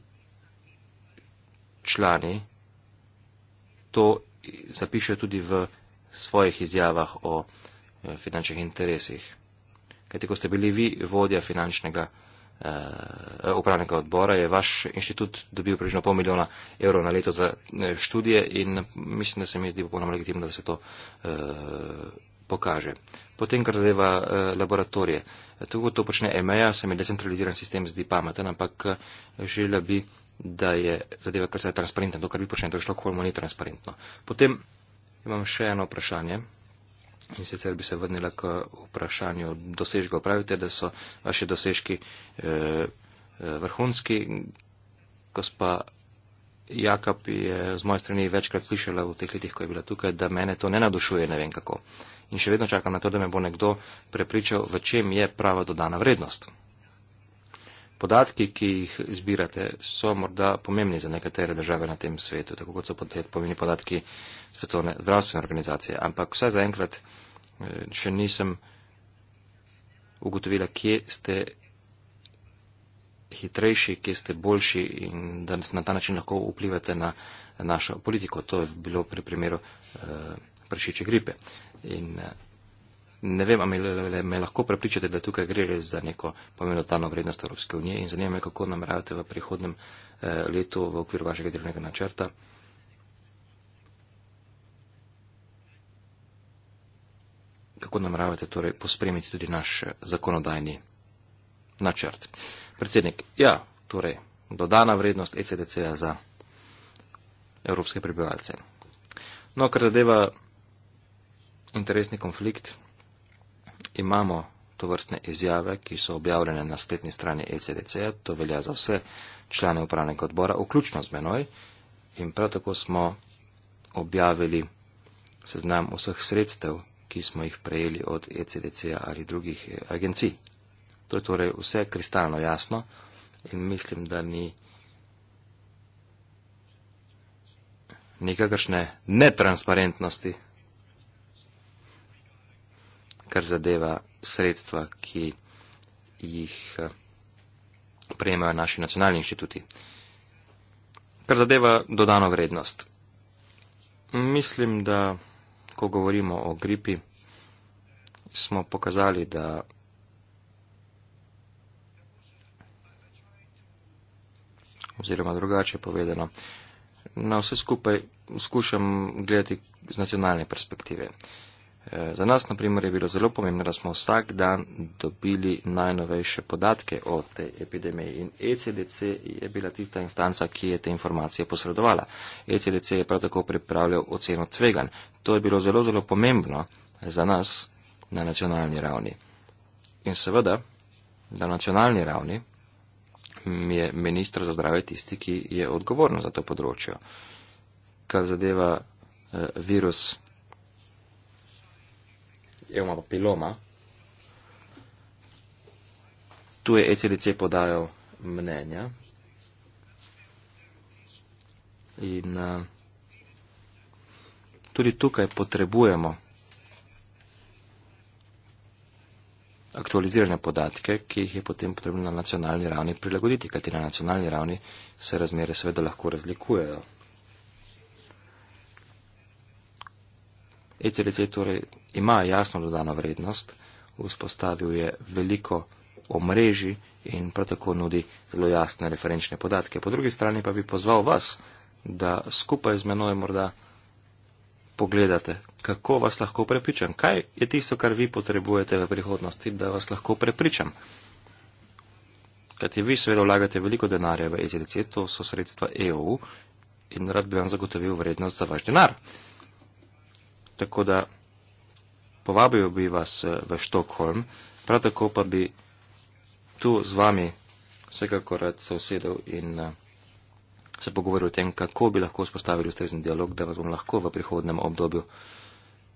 člani to zapišejo tudi v svojih izjavah o eh, finančnih interesih. Kajti, ko ste bili vi vodja finančnega uh, upravnega odbora, je vaš inštitut dobil približno pol milijona evrov na leto za eh, študije in mislim, da se mi zdi popolnoma legitimno, da se to uh, pokaže. Potem, kar zadeva eh, laboratorije. Tako kot to počne EMEA, sem je decentraliziran sistem, zdi pameten, ampak eh, želela bi, da je zadeva, kar se je transparentna, to, kar vi počnete, v Štokholmu ni transparentno. Potem imam še eno vprašanje in sicer bi se vrnila k vprašanju dosežkov. Pravite, da so vaše dosežki eh, eh, vrhunski, gospa Jakob je z moje strani večkrat slišala v teh letih, ko je bila tukaj, da mene to ne nadušuje, ne vem kako. In še vedno čakam na to, da me bo nekdo prepričal, v čem je prava dodana vrednost. Podatki, ki jih zbirate, so morda pomembni za nekatere države na tem svetu, tako kot so pomembni podatki Svetovne zdravstvene organizacije. Ampak vsaj zaenkrat eh, še nisem ugotovila, kje ste hitrejši, kje ste boljši in da na ta način lahko vplivate na našo politiko. To je bilo pri primeru uh, eh, prešiče gripe. In uh, ne vem, ali me, me lahko prepričate, da tukaj gre res za neko pomenotano vrednost Evropske unije in zanima me, kako nameravate v prihodnem uh, letu v okviru vašega delovnega načrta. Kako nameravate torej pospremiti tudi naš zakonodajni načrt? Uh, Predsednik, ja, torej dodana vrednost ECDC-ja za evropske prebivalce. No, kar zadeva interesni konflikt, imamo to vrstne izjave, ki so objavljene na spletni strani ECDC-ja, to velja za vse člane upravnega odbora, vključno z menoj, in prav tako smo objavili seznam vseh sredstev, ki smo jih prejeli od ECDC-ja ali drugih eh, agencij. To je torej vse kristalno jasno in mislim, da ni nekakršne netransparentnosti, kar zadeva sredstva, ki jih eh, prejemajo naši nacionalni inštituti. Kar zadeva dodano vrednost. Mislim, da ko govorimo o gripi, smo pokazali, da oziroma drugače povedano, na vse skupaj skušam gledati z nacionalne perspektive. E, za nas, na primer, je bilo zelo pomembno, da smo vsak dan dobili najnovejše podatke o tej epidemiji in ECDC je bila tista instanca, ki je te informacije posredovala. ECDC je prav tako pripravljal oceno tvegan. To je bilo zelo, zelo pomembno za nas na nacionalni ravni. In seveda, na nacionalni ravni je ministr za zdrave tisti, ki je odgovorno za to področje. Kar zadeva eh, virus papiloma, tu je ECDC podajal mnenja. In uh, tudi tukaj potrebujemo aktualizirane podatke, ki jih je potem potrebno na nacionalni ravni prilagoditi, kajti na nacionalni ravni se razmere seveda lahko razlikujejo. ECDC torej ima jasno dodano vrednost, vzpostavil je veliko omrežji in prav tako nudi zelo jasne referenčne podatke. Po drugi strani pa bi pozval vas, da skupaj z menoj morda pogledate, kako vas lahko prepričam, kaj je tisto, kar vi potrebujete v prihodnosti, da vas lahko prepričam. Kajti vi seveda vlagate veliko denarja v EZDC, to so sredstva EU in rad bi vam zagotovil vrednost za vaš denar. Tako da povabil bi vas eh, v Štokholm, prav tako pa bi tu z vami vsekakor rad se usedel in. Uh, se pogovoril o tem, kako bi lahko vzpostavili ustrezen dialog, da vas bom lahko v prihodnem obdobju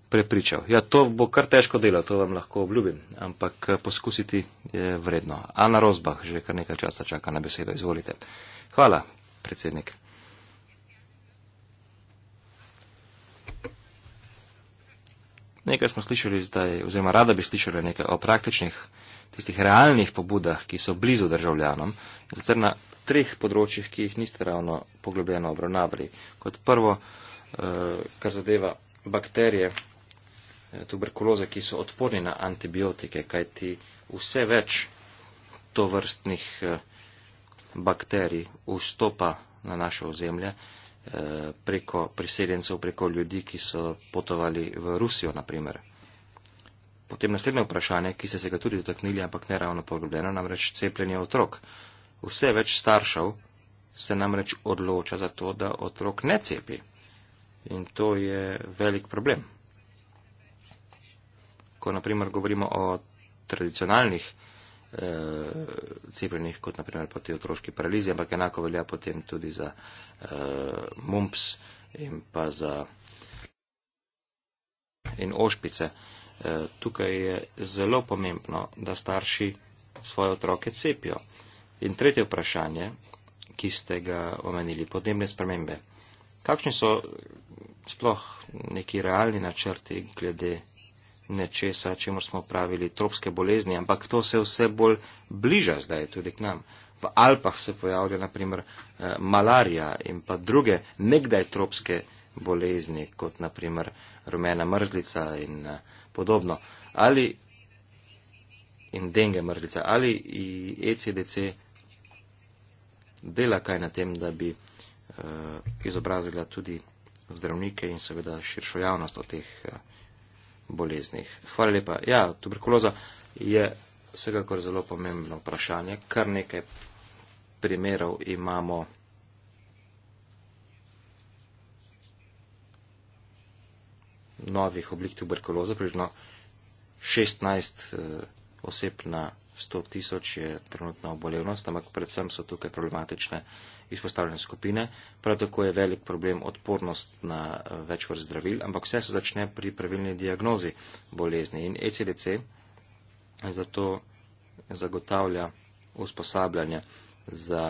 prepričal. Ja, to bo kar težko delo, to vam lahko obljubim, ampak eh, poskusiti je vredno. Ana Rozbah že kar nekaj časa čaka na besedo, izvolite. Hvala, predsednik. Nekaj smo slišali zdaj, oziroma rada bi slišali nekaj o praktičnih, tistih realnih pobudah, ki so blizu državljanom. In sicer na treh področjih, ki jih niste ravno poglobljeno obravnavali. Kot prvo, eh, kar zadeva bakterije, eh, tuberkuloze, ki so odporni na antibiotike, kajti vse več to vrstnih eh, bakterij vstopa na naše ozemlje preko priseljencev, preko ljudi, ki so potovali v Rusijo, naprimer. Potem naslednje vprašanje, ki ste se ga tudi dotaknili, ampak ne ravno poglobljeno, namreč cepljenje otrok. Vse več staršev se namreč odloča za to, da otrok ne cepi. In to je velik problem. Ko naprimer govorimo o tradicionalnih eh, cepljenih, kot naprimer po te otroški paralizi, ampak enako velja potem tudi za uh, mumps in pa za in ošpice. Uh, tukaj je zelo pomembno, da starši svoje otroke cepijo. Uh, In tretje vprašanje, ki ste ga omenili, podnebne spremembe. Kakšni so sploh neki realni načrti glede nečesa, čemu smo pravili tropske bolezni, ampak to se vse bolj bliža zdaj tudi k nam. V Alpah se pojavlja naprimer eh, malarija in pa druge nekdaj tropske bolezni, kot naprimer rumena mrzlica in eh, podobno. Ali in denge mrzlica, ali ECDC dela kaj na tem, da bi eh, izobrazila tudi zdravnike in seveda širšo javnost o teh eh, boleznih. Hvala lepa. Ja, tuberkuloza je vsekakor zelo pomembno vprašanje. Kar nekaj primerov imamo. novih oblik tuberkuloze, približno 16 oseb na 100 tisoč je trenutna obolevnost, ampak predvsem so tukaj problematične izpostavljene skupine. Prav tako je velik problem odpornost na eh, več vrst zdravil, ampak vse se začne pri pravilni diagnozi bolezni in ECDC zato zagotavlja usposabljanje za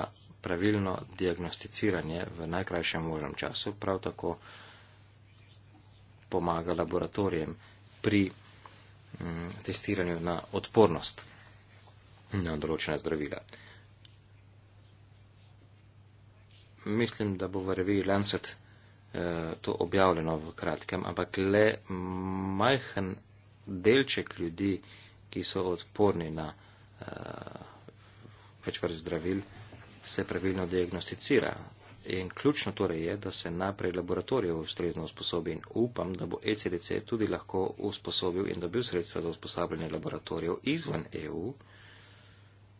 pravilno diagnosticiranje v najkrajšem možnem času, prav tako pomaga laboratorijem pri Mm, testiranju na odpornost na določena zdravila. Mislim, da bo v reviji Lancet eh, to objavljeno v kratkem, ampak le majhen delček ljudi, ki so odporni na eh, več vrst zdravil, se pravilno diagnosticira. In ključno torej je, da se najprej laboratorijo ustrezno usposobi in upam, da bo ECDC tudi lahko usposobil in dobil sredstva za usposabljanje laboratorijev izven EU,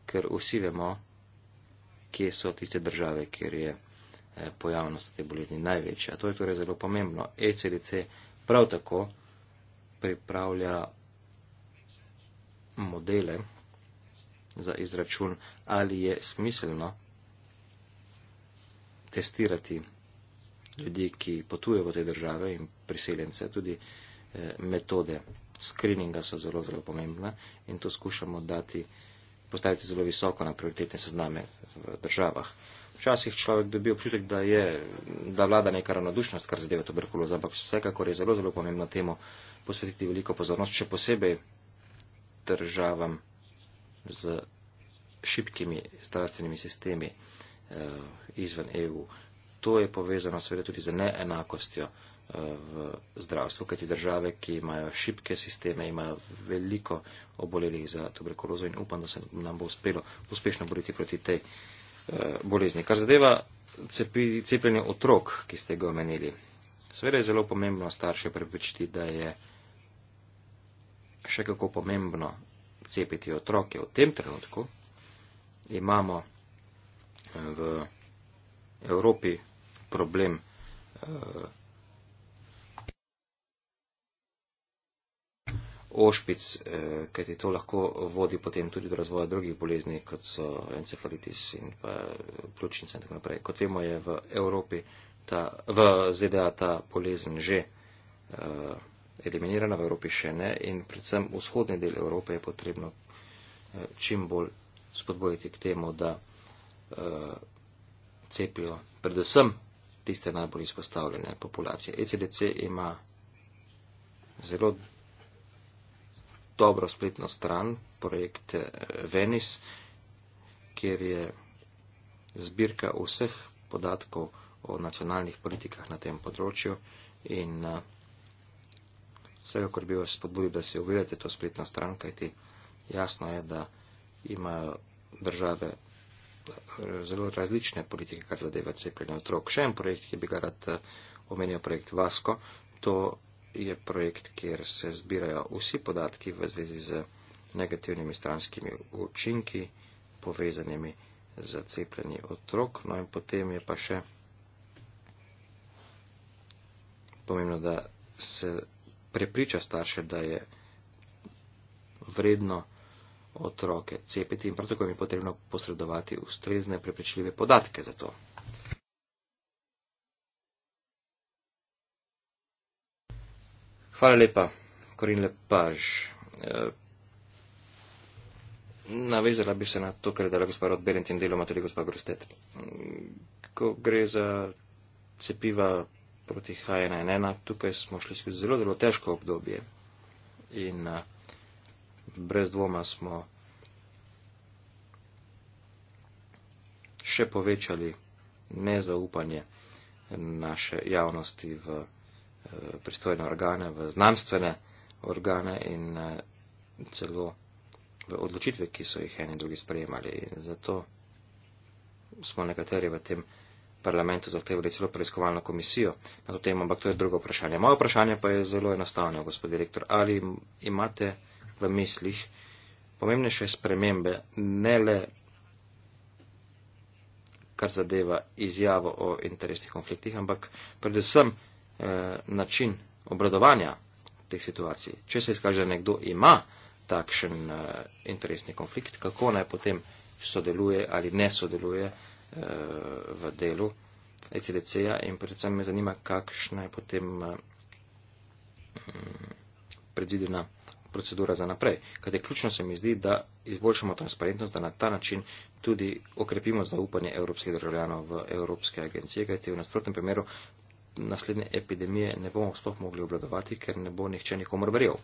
ker vsi vemo, kje so tiste države, kjer je eh, pojavnost te bolezni največja. To je torej zelo pomembno. ECDC prav tako pripravlja modele za izračun, ali je smiselno testirati ljudi, ki potujejo v te države in priseljence. Tudi eh, metode screeninga so zelo, zelo pomembne in to skušamo dati, postaviti zelo visoko na prioritetne sezname v državah. Včasih človek dobi občutek, da, je, da vlada neka ravnodušnost, kar zadeva tuberkulozo, ampak vsekakor je zelo, zelo pomembno temu posvetiti veliko pozornost, še posebej državam z šibkimi zdravstvenimi sistemi. Eh, izven EU. To je povezano seveda tudi z neenakostjo eh, v zdravstvu, kajti države, ki imajo šibke sisteme, imajo veliko obolelih za tuberkulozo in upam, da se nam bo uspelo uspešno boriti proti tej eh, bolezni. Kar zadeva cepljenje otrok, ki ste ga omenili. Seveda je zelo pomembno starše prepričati, da je še kako pomembno cepiti otroke v tem trenutku. Imamo v Evropi problem. Eh, ošpic, eh, kajti to lahko vodi potem tudi do razvoja drugih bolezni, kot so encefalitis in pa eh, pljučnica in tako naprej. Kot vemo, je v Evropi, ta, v ZDA ta bolezen že uh, eliminirana, v Evropi še ne in predvsem vzhodni del Evrope je potrebno uh, čim bolj spodbojiti k temu, da uh, uh, cepijo predvsem tiste najbolj izpostavljene populacije. ECDC ima zelo dobro spletno stran, projekt eh, Venice, kjer je zbirka vseh podatkov o nacionalnih politikah na tem področju in uh, vsekakor bi vas spodbudil, da si ogledate to spletno stran, kajti jasno je, da imajo države zelo različne politike, kar zadeva cepljenje otrok. Še en projekt, ki bi ga rad eh, omenil, projekt Vasko, to je projekt, kjer se zbirajo vsi podatki v zvezi z negativnimi stranskimi učinki, povezanimi z cepljenjem otrok. No in potem je pa še pomembno, da se prepriča starše, da je vredno otroke cepiti in prav tako je potrebno posredovati ustrezne prepričljive podatke za to. Hvala lepa, Korin Lepaž. E, eh, navezala bi se na to, kar je dala gospa Rodberent in deloma tudi gospa Grostet. Ko gre za cepiva proti H1N1, tukaj smo šli skozi zelo, zelo težko obdobje. In, a, eh, brez dvoma smo še povečali nezaupanje naše javnosti v eh, pristojne organe, v znanstvene organe in eh, celo v odločitve, ki so jih eni in drugi sprejemali. In zato smo nekateri v tem parlamentu zahtevali celo preiskovalno komisijo na to temo, ampak to je drugo vprašanje. Moje vprašanje pa je zelo enostavno, gospod direktor. Ali imate v mislih, pomembnejše spremembe, ne le kar zadeva izjavo o interesnih konfliktih, ampak predvsem eh, način obradovanja teh situacij. Če se izkaže, da nekdo ima takšen eh, interesni konflikt, kako naj potem sodeluje ali ne sodeluje eh, v delu ECDC-ja in predvsem me zanima, kakšna je potem eh, predvidena procedura za naprej. Kaj je ključno, se mi zdi, da izboljšamo transparentnost, da na ta način tudi okrepimo zaupanje evropskih državljanov v evropske agencije, kajti v nasprotnem primeru naslednje epidemije ne bomo sploh mogli obladovati, ker ne bo nihče nikomor verjel.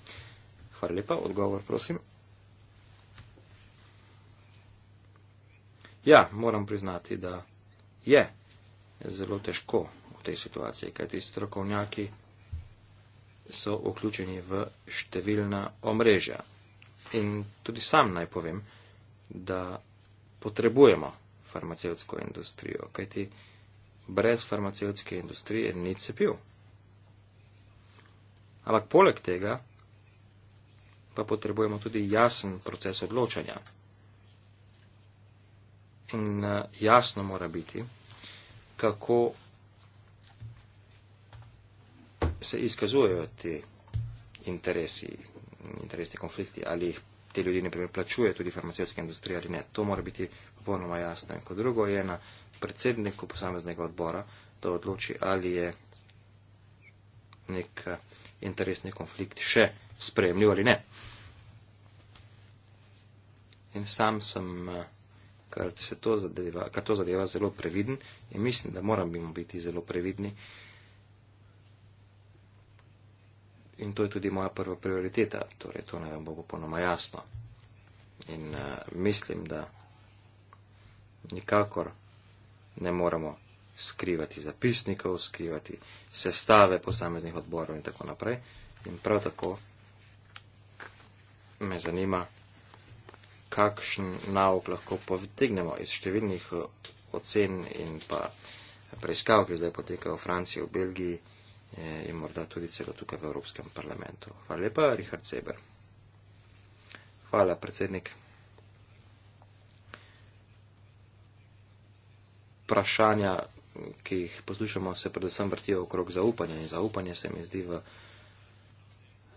Hvala lepa, odgovor prosim. Ja, moram priznati, da je zelo težko v tej situaciji, kajti strokovnjaki so vključeni v številna omrežja. In tudi sam naj povem, da potrebujemo farmacevtsko industrijo, kajti brez farmacevtske industrije ni cepiv. Ampak poleg tega pa potrebujemo tudi jasen proces odločanja. In eh, jasno mora biti, kako se izkazujejo ti interesi, interesni konflikti, ali jih te ljudi ne preplačuje tudi farmacijska industrija ali ne. To mora biti popolnoma jasno. In kot drugo je na predsedniku posameznega odbora, da odloči, ali je nek eh, interesni konflikt še sprejemljiv ali ne. In sam sem, eh, kar, se to zadeva, kar to zadeva, zelo previden in mislim, da moramo biti zelo previdni, uh, in to je tudi moja prva prioriteta. Torej, to naj vam bo popolnoma jasno. In uh, mislim, da nikakor ne moramo skrivati zapisnikov, skrivati sestave posameznih odborov in tako naprej. In prav tako me zanima, kakšen nauk lahko povtignemo iz številnih eh, ocen in pa preiskav, ki zdaj potekajo v Franciji, v Belgiji. Eh, in morda tudi celo tukaj v Evropskem parlamentu. Hvala lepa, Richard Seber. Hvala, predsednik. Prašanja, ki jih poslušamo, se predvsem vrtijo okrog zaupanja in zaupanje se mi zdi v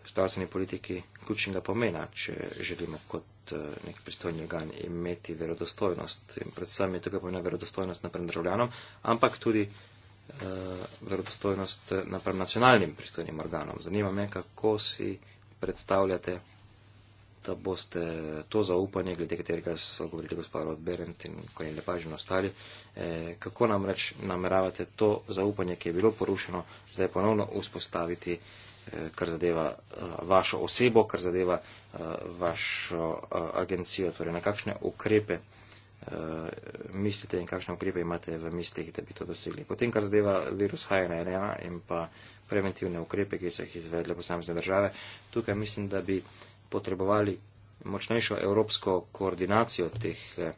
stavstveni politiki ključnega pomena, če želimo kot eh, nek pristojni organ imeti verodostojnost. In predvsem je tukaj pomena verodostojnost napredn državljanom, ampak tudi Eh, verodostojnost eh, napram nacionalnim pristojnim organom. Zanima me, kako si predstavljate, da boste to zaupanje, glede katerega so govorili gospod Rod Berend in ko je lepa že nastali, eh, kako namreč nameravate to zaupanje, ki je bilo porušeno, zdaj ponovno vzpostaviti, kar zadeva vašo osebo, kar zadeva vašo agencijo, torej na kakšne ukrepe Eh, mislite in kakšne ukrepe imate v mislih, da bi to dosegli. Potem, kar zadeva virus HNN-a in pa preventivne ukrepe, ki so jih izvedle posamezne države, tukaj mislim, da bi potrebovali močnejšo evropsko koordinacijo teh eh,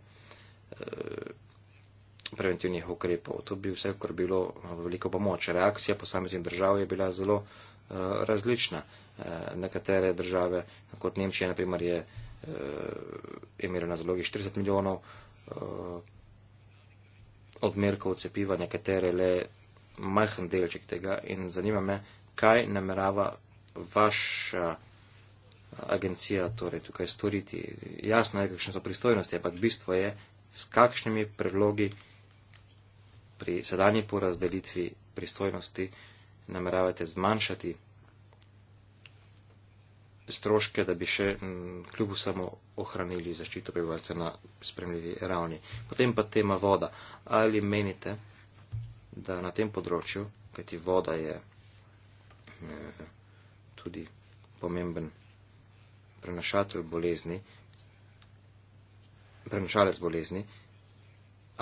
preventivnih ukrepov. To bi vsekakor bilo veliko pomoč. Reakcija posameznih držav je bila zelo eh, različna. Nekatere države, kot Nemčija, naprimer, je imela na zalogi 40 milijonov uh, odmerkov cepiva, nekatere le majhen delček tega in zanima me, kaj namerava vaša agencija torej tukaj storiti. Jasno je, kakšne so pristojnosti, ampak bistvo je, s kakšnimi predlogi pri sedanji porazdelitvi pristojnosti nameravate zmanjšati stroške, da bi še mm, kljub vsemu ohranili zaščito prebivalcev na spremljivi ravni. Potem pa tema voda. Ali menite, da na tem področju, kajti voda je eh, tudi pomemben prenašatelj bolezni, prenašalec bolezni,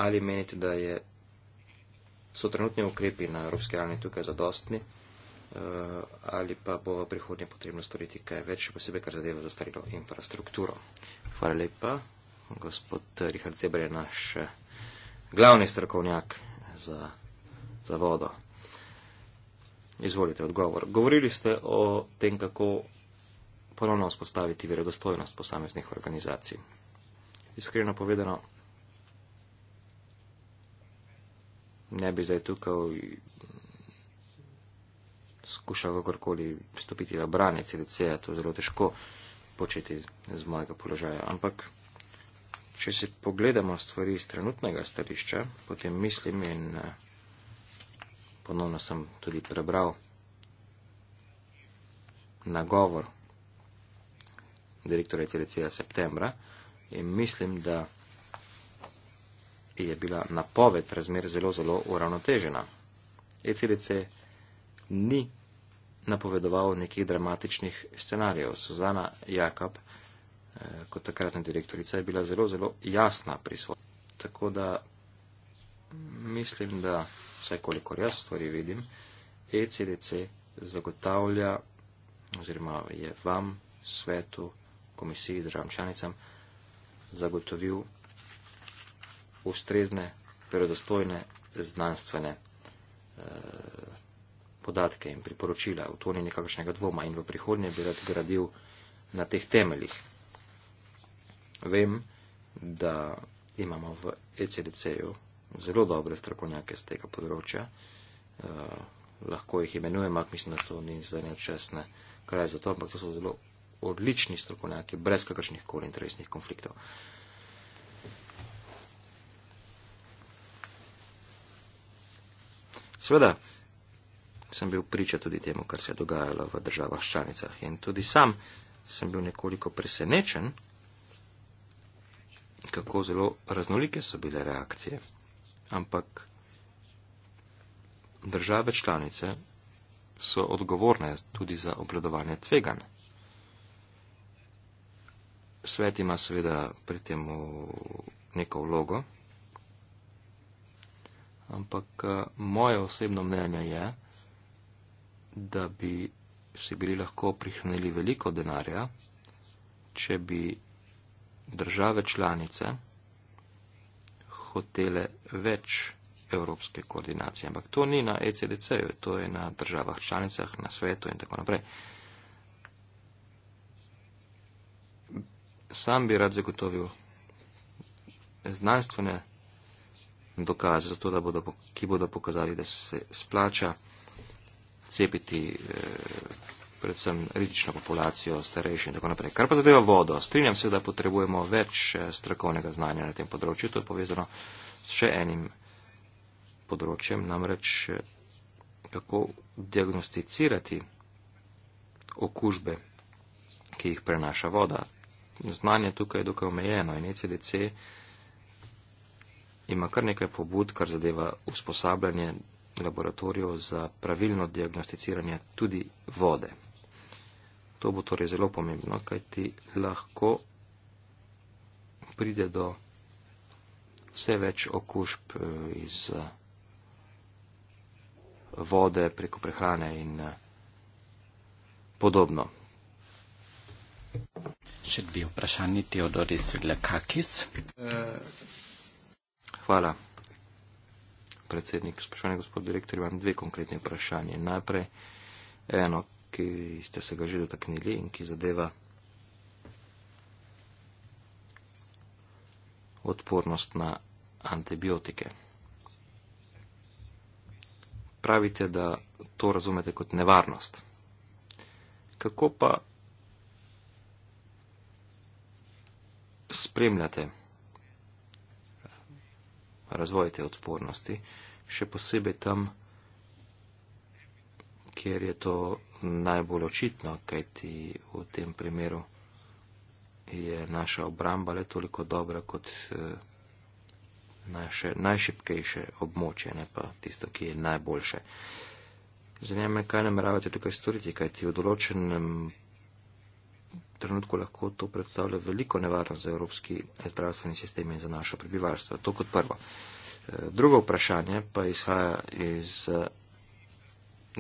ali menite, da je, so trenutni ukrepi na evropski ravni tukaj zadostni? Eh, ali pa bo v prihodnje potrebno storiti kaj več, še posebej, kar zadeva zastarilo infrastrukturo. Hvala lepa. Gospod Richard Zebr je naš eh, glavni strokovnjak za, za vodo. Izvolite odgovor. Govorili ste o tem, kako ponovno vzpostaviti verodostojnost posameznih organizacij. Iskreno povedano, ne bi zdaj tukaj skuša kakorkoli stopiti na branje CDC-ja, to je zelo težko početi z mojega položaja. Ampak, če se pogledamo stvari iz trenutnega stališča, potem mislim in eh, ponovno sem tudi prebral nagovor direktorja CDC-ja septembra in mislim, da je bila napoved razmer zelo, zelo uravnotežena. ECDC ni napovedoval nekih dramatičnih scenarijev. Suzana Jakab, eh, kot takratna direktorica, je bila zelo, zelo jasna pri svojem. Tako da mislim, da vsaj kolikor jaz stvari vidim, ECDC zagotavlja oziroma je vam, svetu, komisiji, državam članicam, zagotovil ustrezne, verodostojne, znanstvene eh, podatke in priporočila. V to ni nekakšnega dvoma in v prihodnje bi rad gradil na teh temeljih. Vem, da imamo v ECDC-ju zelo dobre strokovnjake z tega področja. Uh, lahko jih imenujem, ampak mislim, da to ni zdaj nečestne kraj za to, ampak to so zelo odlični strokovnjaki, brez kakršnih koli interesnih konfliktov. Sveda, sem bil priča tudi temu, kar se je dogajalo v državah ščanicah. In tudi sam sem bil nekoliko presenečen, kako zelo raznolike so bile reakcije. Ampak države članice so odgovorne tudi za obladovanje tvegan. Svet ima seveda pri tem neko vlogo, ampak eh, moje osebno mnenje je, da bi si bili lahko prihranili veliko denarja, če bi države članice hotele več evropske koordinacije. Ampak to ni na ECDC-ju, to je na državah članicah, na svetu in tako naprej. Sam bi rad zagotovil znanstvene dokaze, zato, da bodo, ki bodo pokazali, da se splača cepiti eh, predvsem ritično populacijo, starejši in tako naprej. Kar pa zadeva vodo, strinjam se, da potrebujemo več eh, strokovnega znanja na tem področju. To je povezano s še enim področjem, namreč eh, kako diagnosticirati okužbe, ki jih prenaša voda. Znanje tukaj je dokaj omejeno in ECDC ima kar nekaj pobud, kar zadeva usposabljanje laboratorijev za pravilno diagnosticiranje tudi vode. To bo torej zelo pomembno, kajti lahko pride do vse več okužb eh, iz eh, vode preko prehrane in eh, podobno. Še dve vprašanji, Teodoris Lekakis. Hvala predsednik, spoštovani gospod direktor, imam dve konkretne vprašanje. Najprej eno, ki ste se ga že dotaknili in ki zadeva odpornost na antibiotike. Pravite, da to razumete kot nevarnost. Kako pa spremljate razvoj te odpornosti? še posebej tam, kjer je to najbolj očitno, kajti v tem primeru je naša obramba le toliko dobra kot eh, naše najšipkejše območje, ne pa tisto, ki je najboljše. Zanima me, kaj nameravate tukaj storiti, kajti v določenem trenutku lahko to predstavlja veliko nevarnost za evropski zdravstveni sistem in za naše prebivalstvo. To kot prvo. Drugo vprašanje pa izhaja iz eh,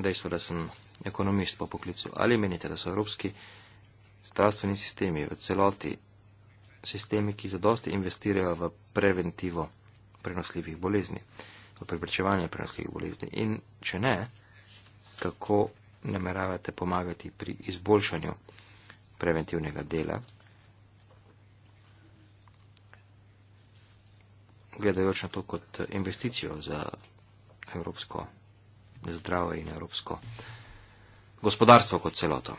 dejstva, da sem ekonomist po poklicu. Ali menite, da so evropski zdravstveni sistemi v celoti sistemi, ki zadosti investirajo v preventivo prenosljivih bolezni, v preprečevanje prenosljivih bolezni? In če ne, kako nameravate pomagati pri izboljšanju preventivnega dela gledajoč na to kot eh, investicijo za evropsko zdravje in evropsko gospodarstvo kot celoto.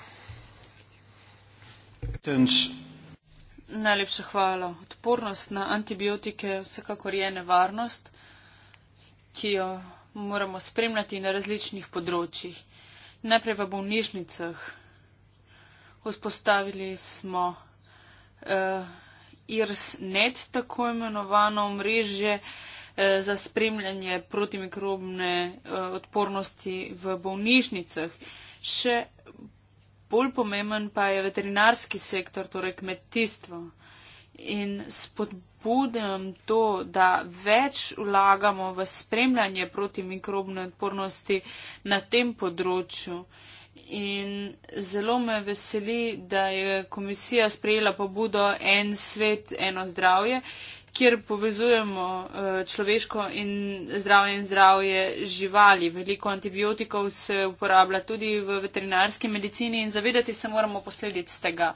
Najlepša hvala. Odpornost na antibiotike vsekakor je nevarnost, ki jo moramo spremljati na različnih področjih. Najprej v bolnišnicah. Vzpostavili smo. Uh, IRSNET, tako imenovano mrežje eh, za spremljanje protimikrobne eh, odpornosti v bolnišnicah. Še bolj pomemben pa je veterinarski sektor, torej kmetijstvo. In spodbudem to, da več vlagamo v spremljanje protimikrobne odpornosti na tem področju. In zelo me veseli, da je komisija sprejela pobudo En svet, eno zdravje, kjer povezujemo eh, človeško in zdravje in zdravje živali. Veliko antibiotikov se uporablja tudi v veterinarski medicini in zavedati se moramo posledic tega.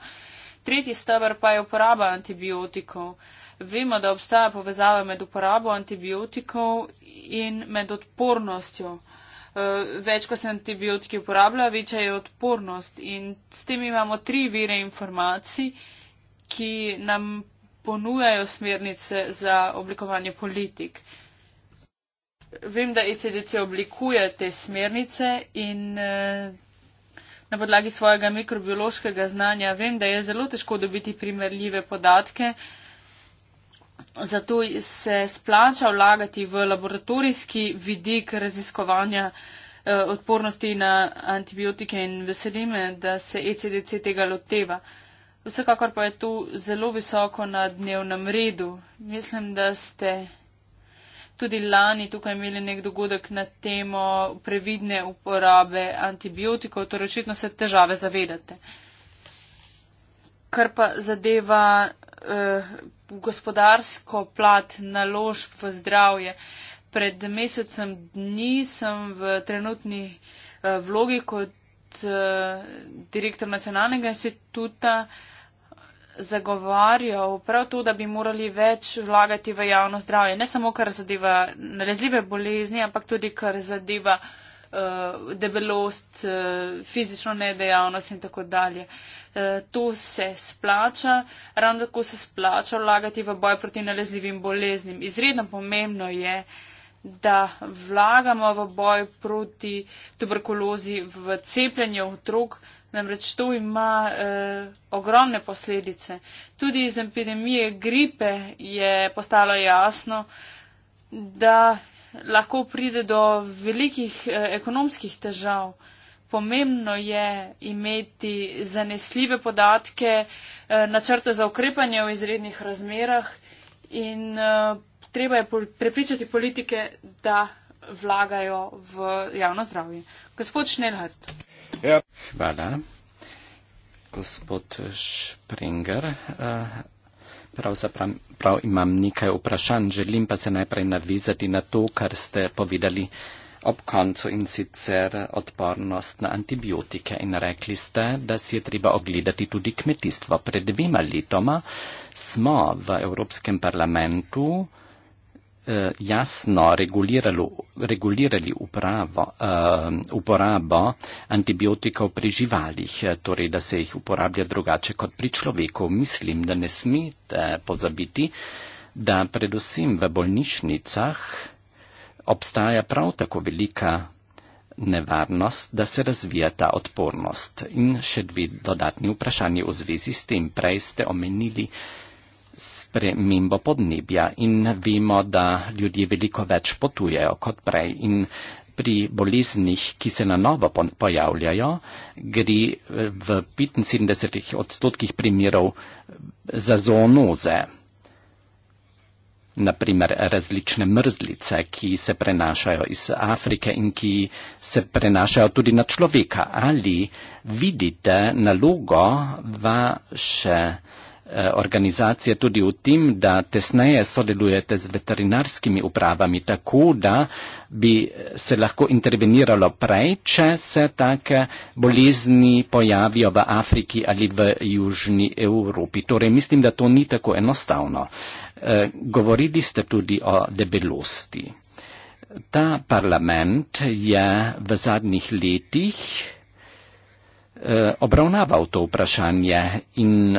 Tretji stavar pa je uporaba antibiotikov. Vemo, da obstaja povezava med uporabo antibiotikov in med odpornostjo. Eh, več ko se antibiotiki uporablja, večja je odpornost. In s tem imamo tri vire informacij, ki nam ponujajo smernice za oblikovanje politik. Vem, da ECDC oblikuje te smernice in eh, na podlagi svojega mikrobiološkega znanja vem, da je zelo težko dobiti primerljive podatke, zato se splača vlagati v laboratorijski vidik raziskovanja eh, odpornosti na antibiotike in veseli me, da se ECDC tega loteva. Vsekakor pa je to zelo visoko na dnevnem redu. Mislim, da ste tudi lani tukaj imeli nek dogodek na temo previdne uporabe antibiotikov, torej očitno se težave zavedate. Kar pa zadeva uh, gospodarsko plat naložb v zdravje. Pred mesecem dni sem v trenutni uh, vlogi kot uh, direktor nacionalnega instituta zagovarjal prav to, da bi morali več vlagati v javno zdravje. Ne samo, kar zadeva nalezljive bolezni, ampak tudi, kar zadeva uh, uh, debelost, uh, fizično nedejavnost in tako dalje. Uh, to se splača, ravno tako se splača vlagati v boj proti nalezljivim boleznim. Izredno pomembno je, da vlagamo v boj proti tuberkulozi v cepljenje otrok, namreč to ima eh, ogromne posledice. Tudi iz epidemije gripe je postalo jasno, da lahko pride do velikih eh, ekonomskih težav. Pomembno je imeti zanesljive podatke, eh, načrte za ukrepanje v izrednih razmerah in eh, treba je prepričati politike, da vlagajo v javno zdravje. Gospod Šnelhardt. Ja. Hvala. Gospod Springer. Uh, Pravzaprav prav imam nekaj vprašanj, želim pa se najprej navizati na to, kar ste povedali ob koncu in sicer odpornost na antibiotike. In rekli ste, da si je treba ogledati tudi kmetijstvo. Pred dvema letoma smo v Evropskem parlamentu eh, jasno regulirali upravo, eh, uporabo antibiotikov pri živalih, eh, torej da se jih uporablja drugače kot pri človeku. Mislim, da ne smete pozabiti, da predvsem v bolnišnicah obstaja prav tako velika nevarnost, da se razvija ta odpornost. In še dve dodatni vprašanje v zvezi s tem. Prej ste omenili, spremembo podnebja in vemo, da ljudje veliko več potujejo kot prej in pri boleznih, ki se na novo pojavljajo, gre eh, v 75 odstotkih primerov eh, za zoonoze. Naprimer, različne mrzlice, ki se prenašajo iz Afrike in ki se prenašajo tudi na človeka. Ali vidite nalogo vaše? Eh, organizacije tudi v tem, da tesneje sodelujete z veterinarskimi upravami, tako da bi eh, se lahko interveniralo prej, če se take bolezni pojavijo v Afriki ali v Južni Evropi. Torej, mislim, da to ni tako enostavno. Eh, govorili ste tudi o debelosti. Ta parlament je v zadnjih letih Eh, obravnaval to vprašanje in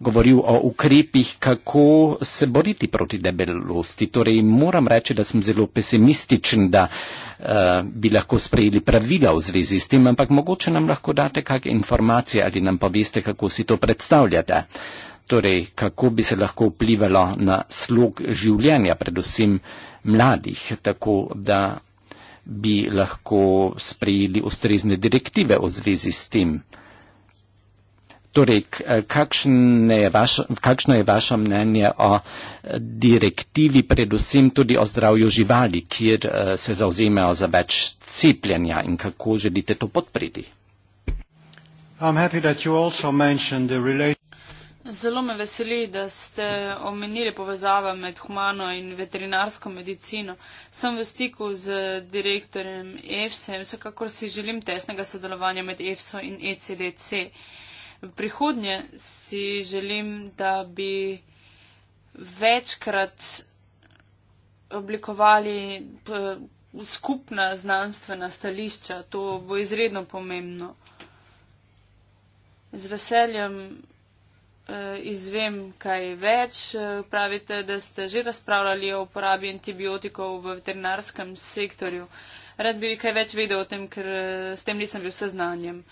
govoril o ukrepih, kako se boriti proti debelosti. Torej, moram reči, da sem zelo pesimističen, da eh, bi lahko sprejeli pravila v zvezi s tem, ampak mogoče nam lahko date kakšne informacije ali nam poveste, kako si to predstavljate. Torej, kako bi se lahko vplivalo na slog življenja, predvsem mladih, tako da bi lahko sprejeli ustrezne direktive v zvezi s tem. Torej, eh, kakšne, vaš, kakšno je vaše mnenje o eh, direktivi, predvsem tudi o zdravju živali, kjer eh, se zauzemajo za več cepljenja in kako želite to podpreti? Zelo me veseli, da ste omenili povezava med humano in veterinarsko medicino. Sem v stiku z direktorjem EFSE in vsekakor si želim tesnega sodelovanja med EFSO in ECDC. V prihodnje si želim, da bi večkrat oblikovali skupna znanstvena stališča. To bo izredno pomembno. Z veseljem Eh, izvem kaj več. Eh, pravite, da ste že razpravljali o uporabi antibiotikov v veterinarskem sektorju. Rad bi kaj več vedel o tem, ker eh, s tem nisem bil seznanjen.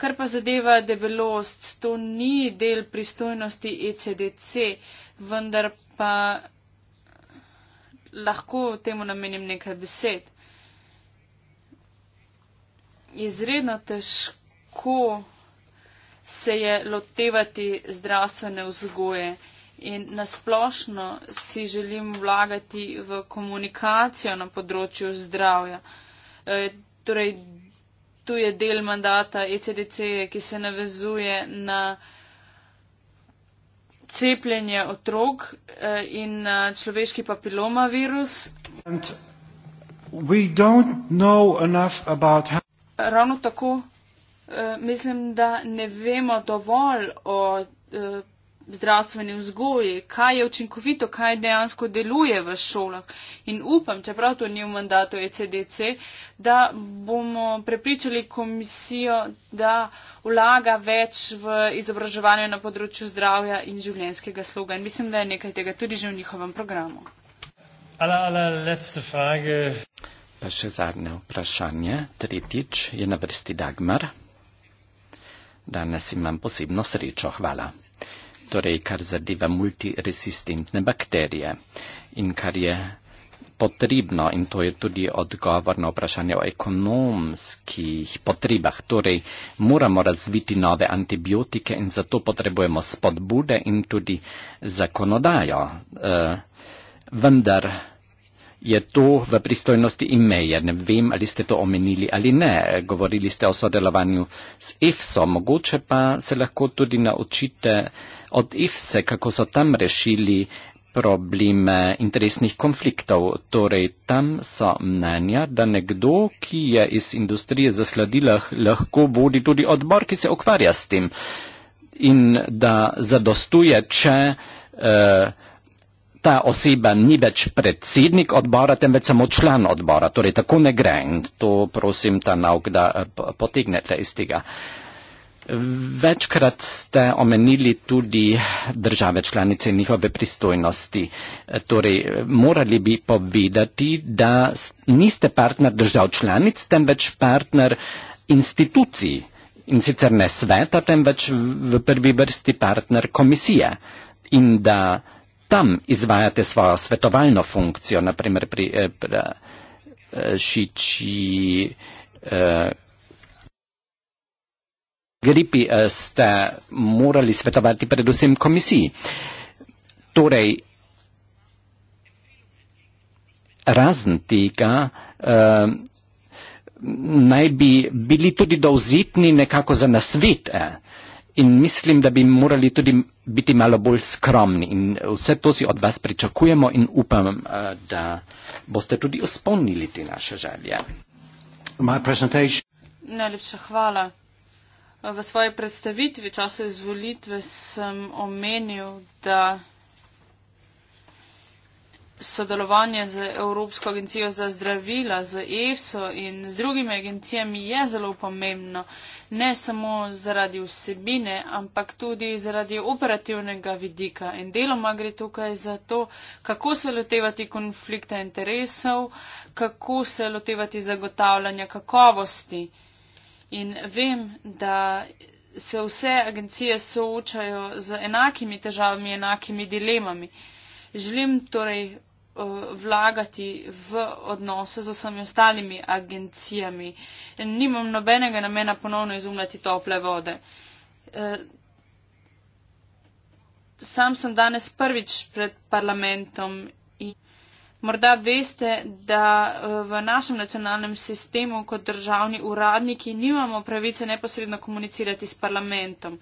Kar pa zadeva debelost, to ni del pristojnosti ECDC, vendar pa lahko temu namenim nekaj besed. Izredno težko se je lotevati zdravstvene vzgoje in nasplošno si želim vlagati v komunikacijo na področju zdravja. E, torej, tu je del mandata ECDC, ki se navezuje na cepljenje otrok e, in na človeški papiloma virus. Ravno tako Eh, mislim, da ne vemo dovolj o uh, zdravstveni vzgoji, kaj je učinkovito, kaj dejansko deluje v šolah. In upam, čeprav to ni v mandatu ECDC, da bomo prepričali komisijo, da vlaga več v izobraževanje na področju zdravja in življenskega sloga. In mislim, da je nekaj tega tudi že v njihovem programu. Alla, alla, pa še zadnje vprašanje, tretjič je na vrsti Dagmar danes imam posebno srečo, hvala. Torej, kar zadeva multiresistentne bakterije in kar je potrebno, in to je tudi odgovor na vprašanje o ekonomskih potrebah. Torej, moramo razviti nove antibiotike in zato potrebujemo spodbude in tudi zakonodajo. Uh, vendar, je to v pristojnosti ime, ja ne vem, ali ste to omenili ali ne. Govorili ste o sodelovanju s EFSO, mogoče pa se lahko tudi naučite od EFSE, kako so tam rešili problem interesnih konfliktov. Torej, tam so mnenja, da nekdo, ki je iz industrije zasledila, lahko vodi tudi odbor, ki se ukvarja s tem in da zadostuje, če. Uh, ta oseba ni več predsednik odbora, temveč samo član odbora. Torej, tako ne gre in to prosim ta nauk, da eh, potegnete iz tega. Večkrat ste omenili tudi države članice in njihove pristojnosti. Eh, torej, morali bi povedati, da niste partner držav članic, temveč partner institucij in sicer ne sveta, temveč v prvi vrsti partner komisije. In da tam izvajate svojo svetovalno funkcijo, naprimer pri eh, eh, šiči eh, gripi, ste morali svetovati predvsem komisiji. Torej, razen tega, naj bi bili tudi dovzitni nekako za nasvit. Eh in mislim, da bi morali tudi biti malo bolj skromni. In vse to si od vas pričakujemo in upam, eh, da boste tudi izpolnili te naše želje. Najlepša hvala. V svoji predstavitvi časa izvolitve sem omenil, da sodelovanje z Evropsko agencijo za zdravila, z EFSO in z drugimi agencijami je zelo pomembno. Uh, ne samo zaradi vsebine, ampak tudi zaradi operativnega vidika. In deloma gre tukaj za to, kako se lotevati konflikta interesov, kako se lotevati zagotavljanja kakovosti. In vem, da se vse agencije soočajo z enakimi težavami, enakimi dilemami. Želim torej Eh, vlagati v odnose z vsemi ostalimi agencijami. Nimam nobenega namena ponovno izumljati tople vode. Eh, sam sem danes prvič pred parlamentom in morda veste, da eh, v našem nacionalnem sistemu kot državni uradniki nimamo pravice neposredno komunicirati s parlamentom.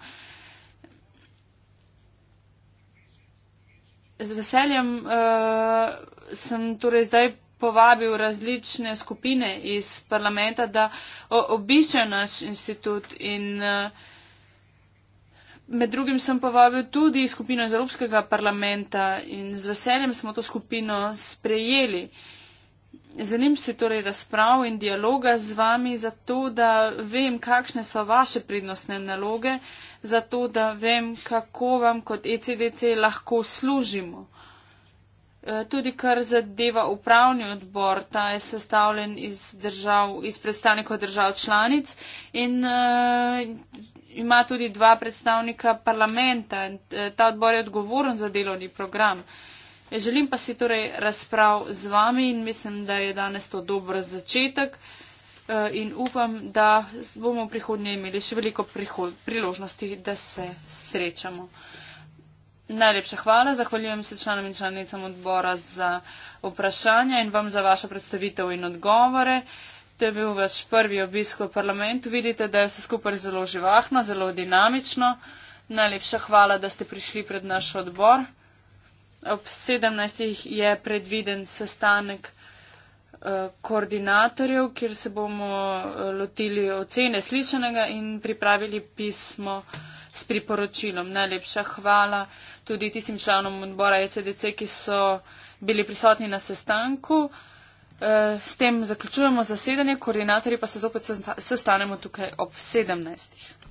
z veseljem uh, sem torej zdaj povabil različne skupine iz parlamenta, da obiščejo naš institut in uh, med drugim sem povabil tudi skupino iz Evropskega parlamenta in z veseljem smo to skupino sprejeli. Uh, Zanim se torej razprav in dialoga z vami, zato da vem, kakšne so vaše prednostne naloge, zato da vem, kako vam kot ECDC lahko služimo. Eh, tudi kar zadeva upravni odbor, ta je sestavljen iz, držav, iz predstavnikov držav članic in uh, ima tudi dva predstavnika parlamenta. Eh, ta odbor je odgovoren za delovni program. Uh, Želim pa si torej razprav z vami in mislim, da je danes to dober začetek eh, in upam, da bomo v prihodnje imeli še veliko priložnosti, da se srečamo. Najlepša hvala, zahvaljujem se članom in članicam odbora za vprašanja in vam za vašo predstavitev in odgovore. To je bil vaš prvi obisk v parlamentu. Vidite, da je vse skupaj zelo živahno, zelo dinamično. Najlepša hvala, da ste prišli pred naš odbor ob 17. je predviden sestanek eh, koordinatorjev, kjer se bomo eh, lotili ocene slišanega in pripravili pismo s priporočilom. Najlepša hvala tudi tistim članom odbora ECDC, ki so bili prisotni na sestanku. Eh, s tem zaključujemo zasedanje, koordinatorji pa se zopet sestanemo tukaj ob 17.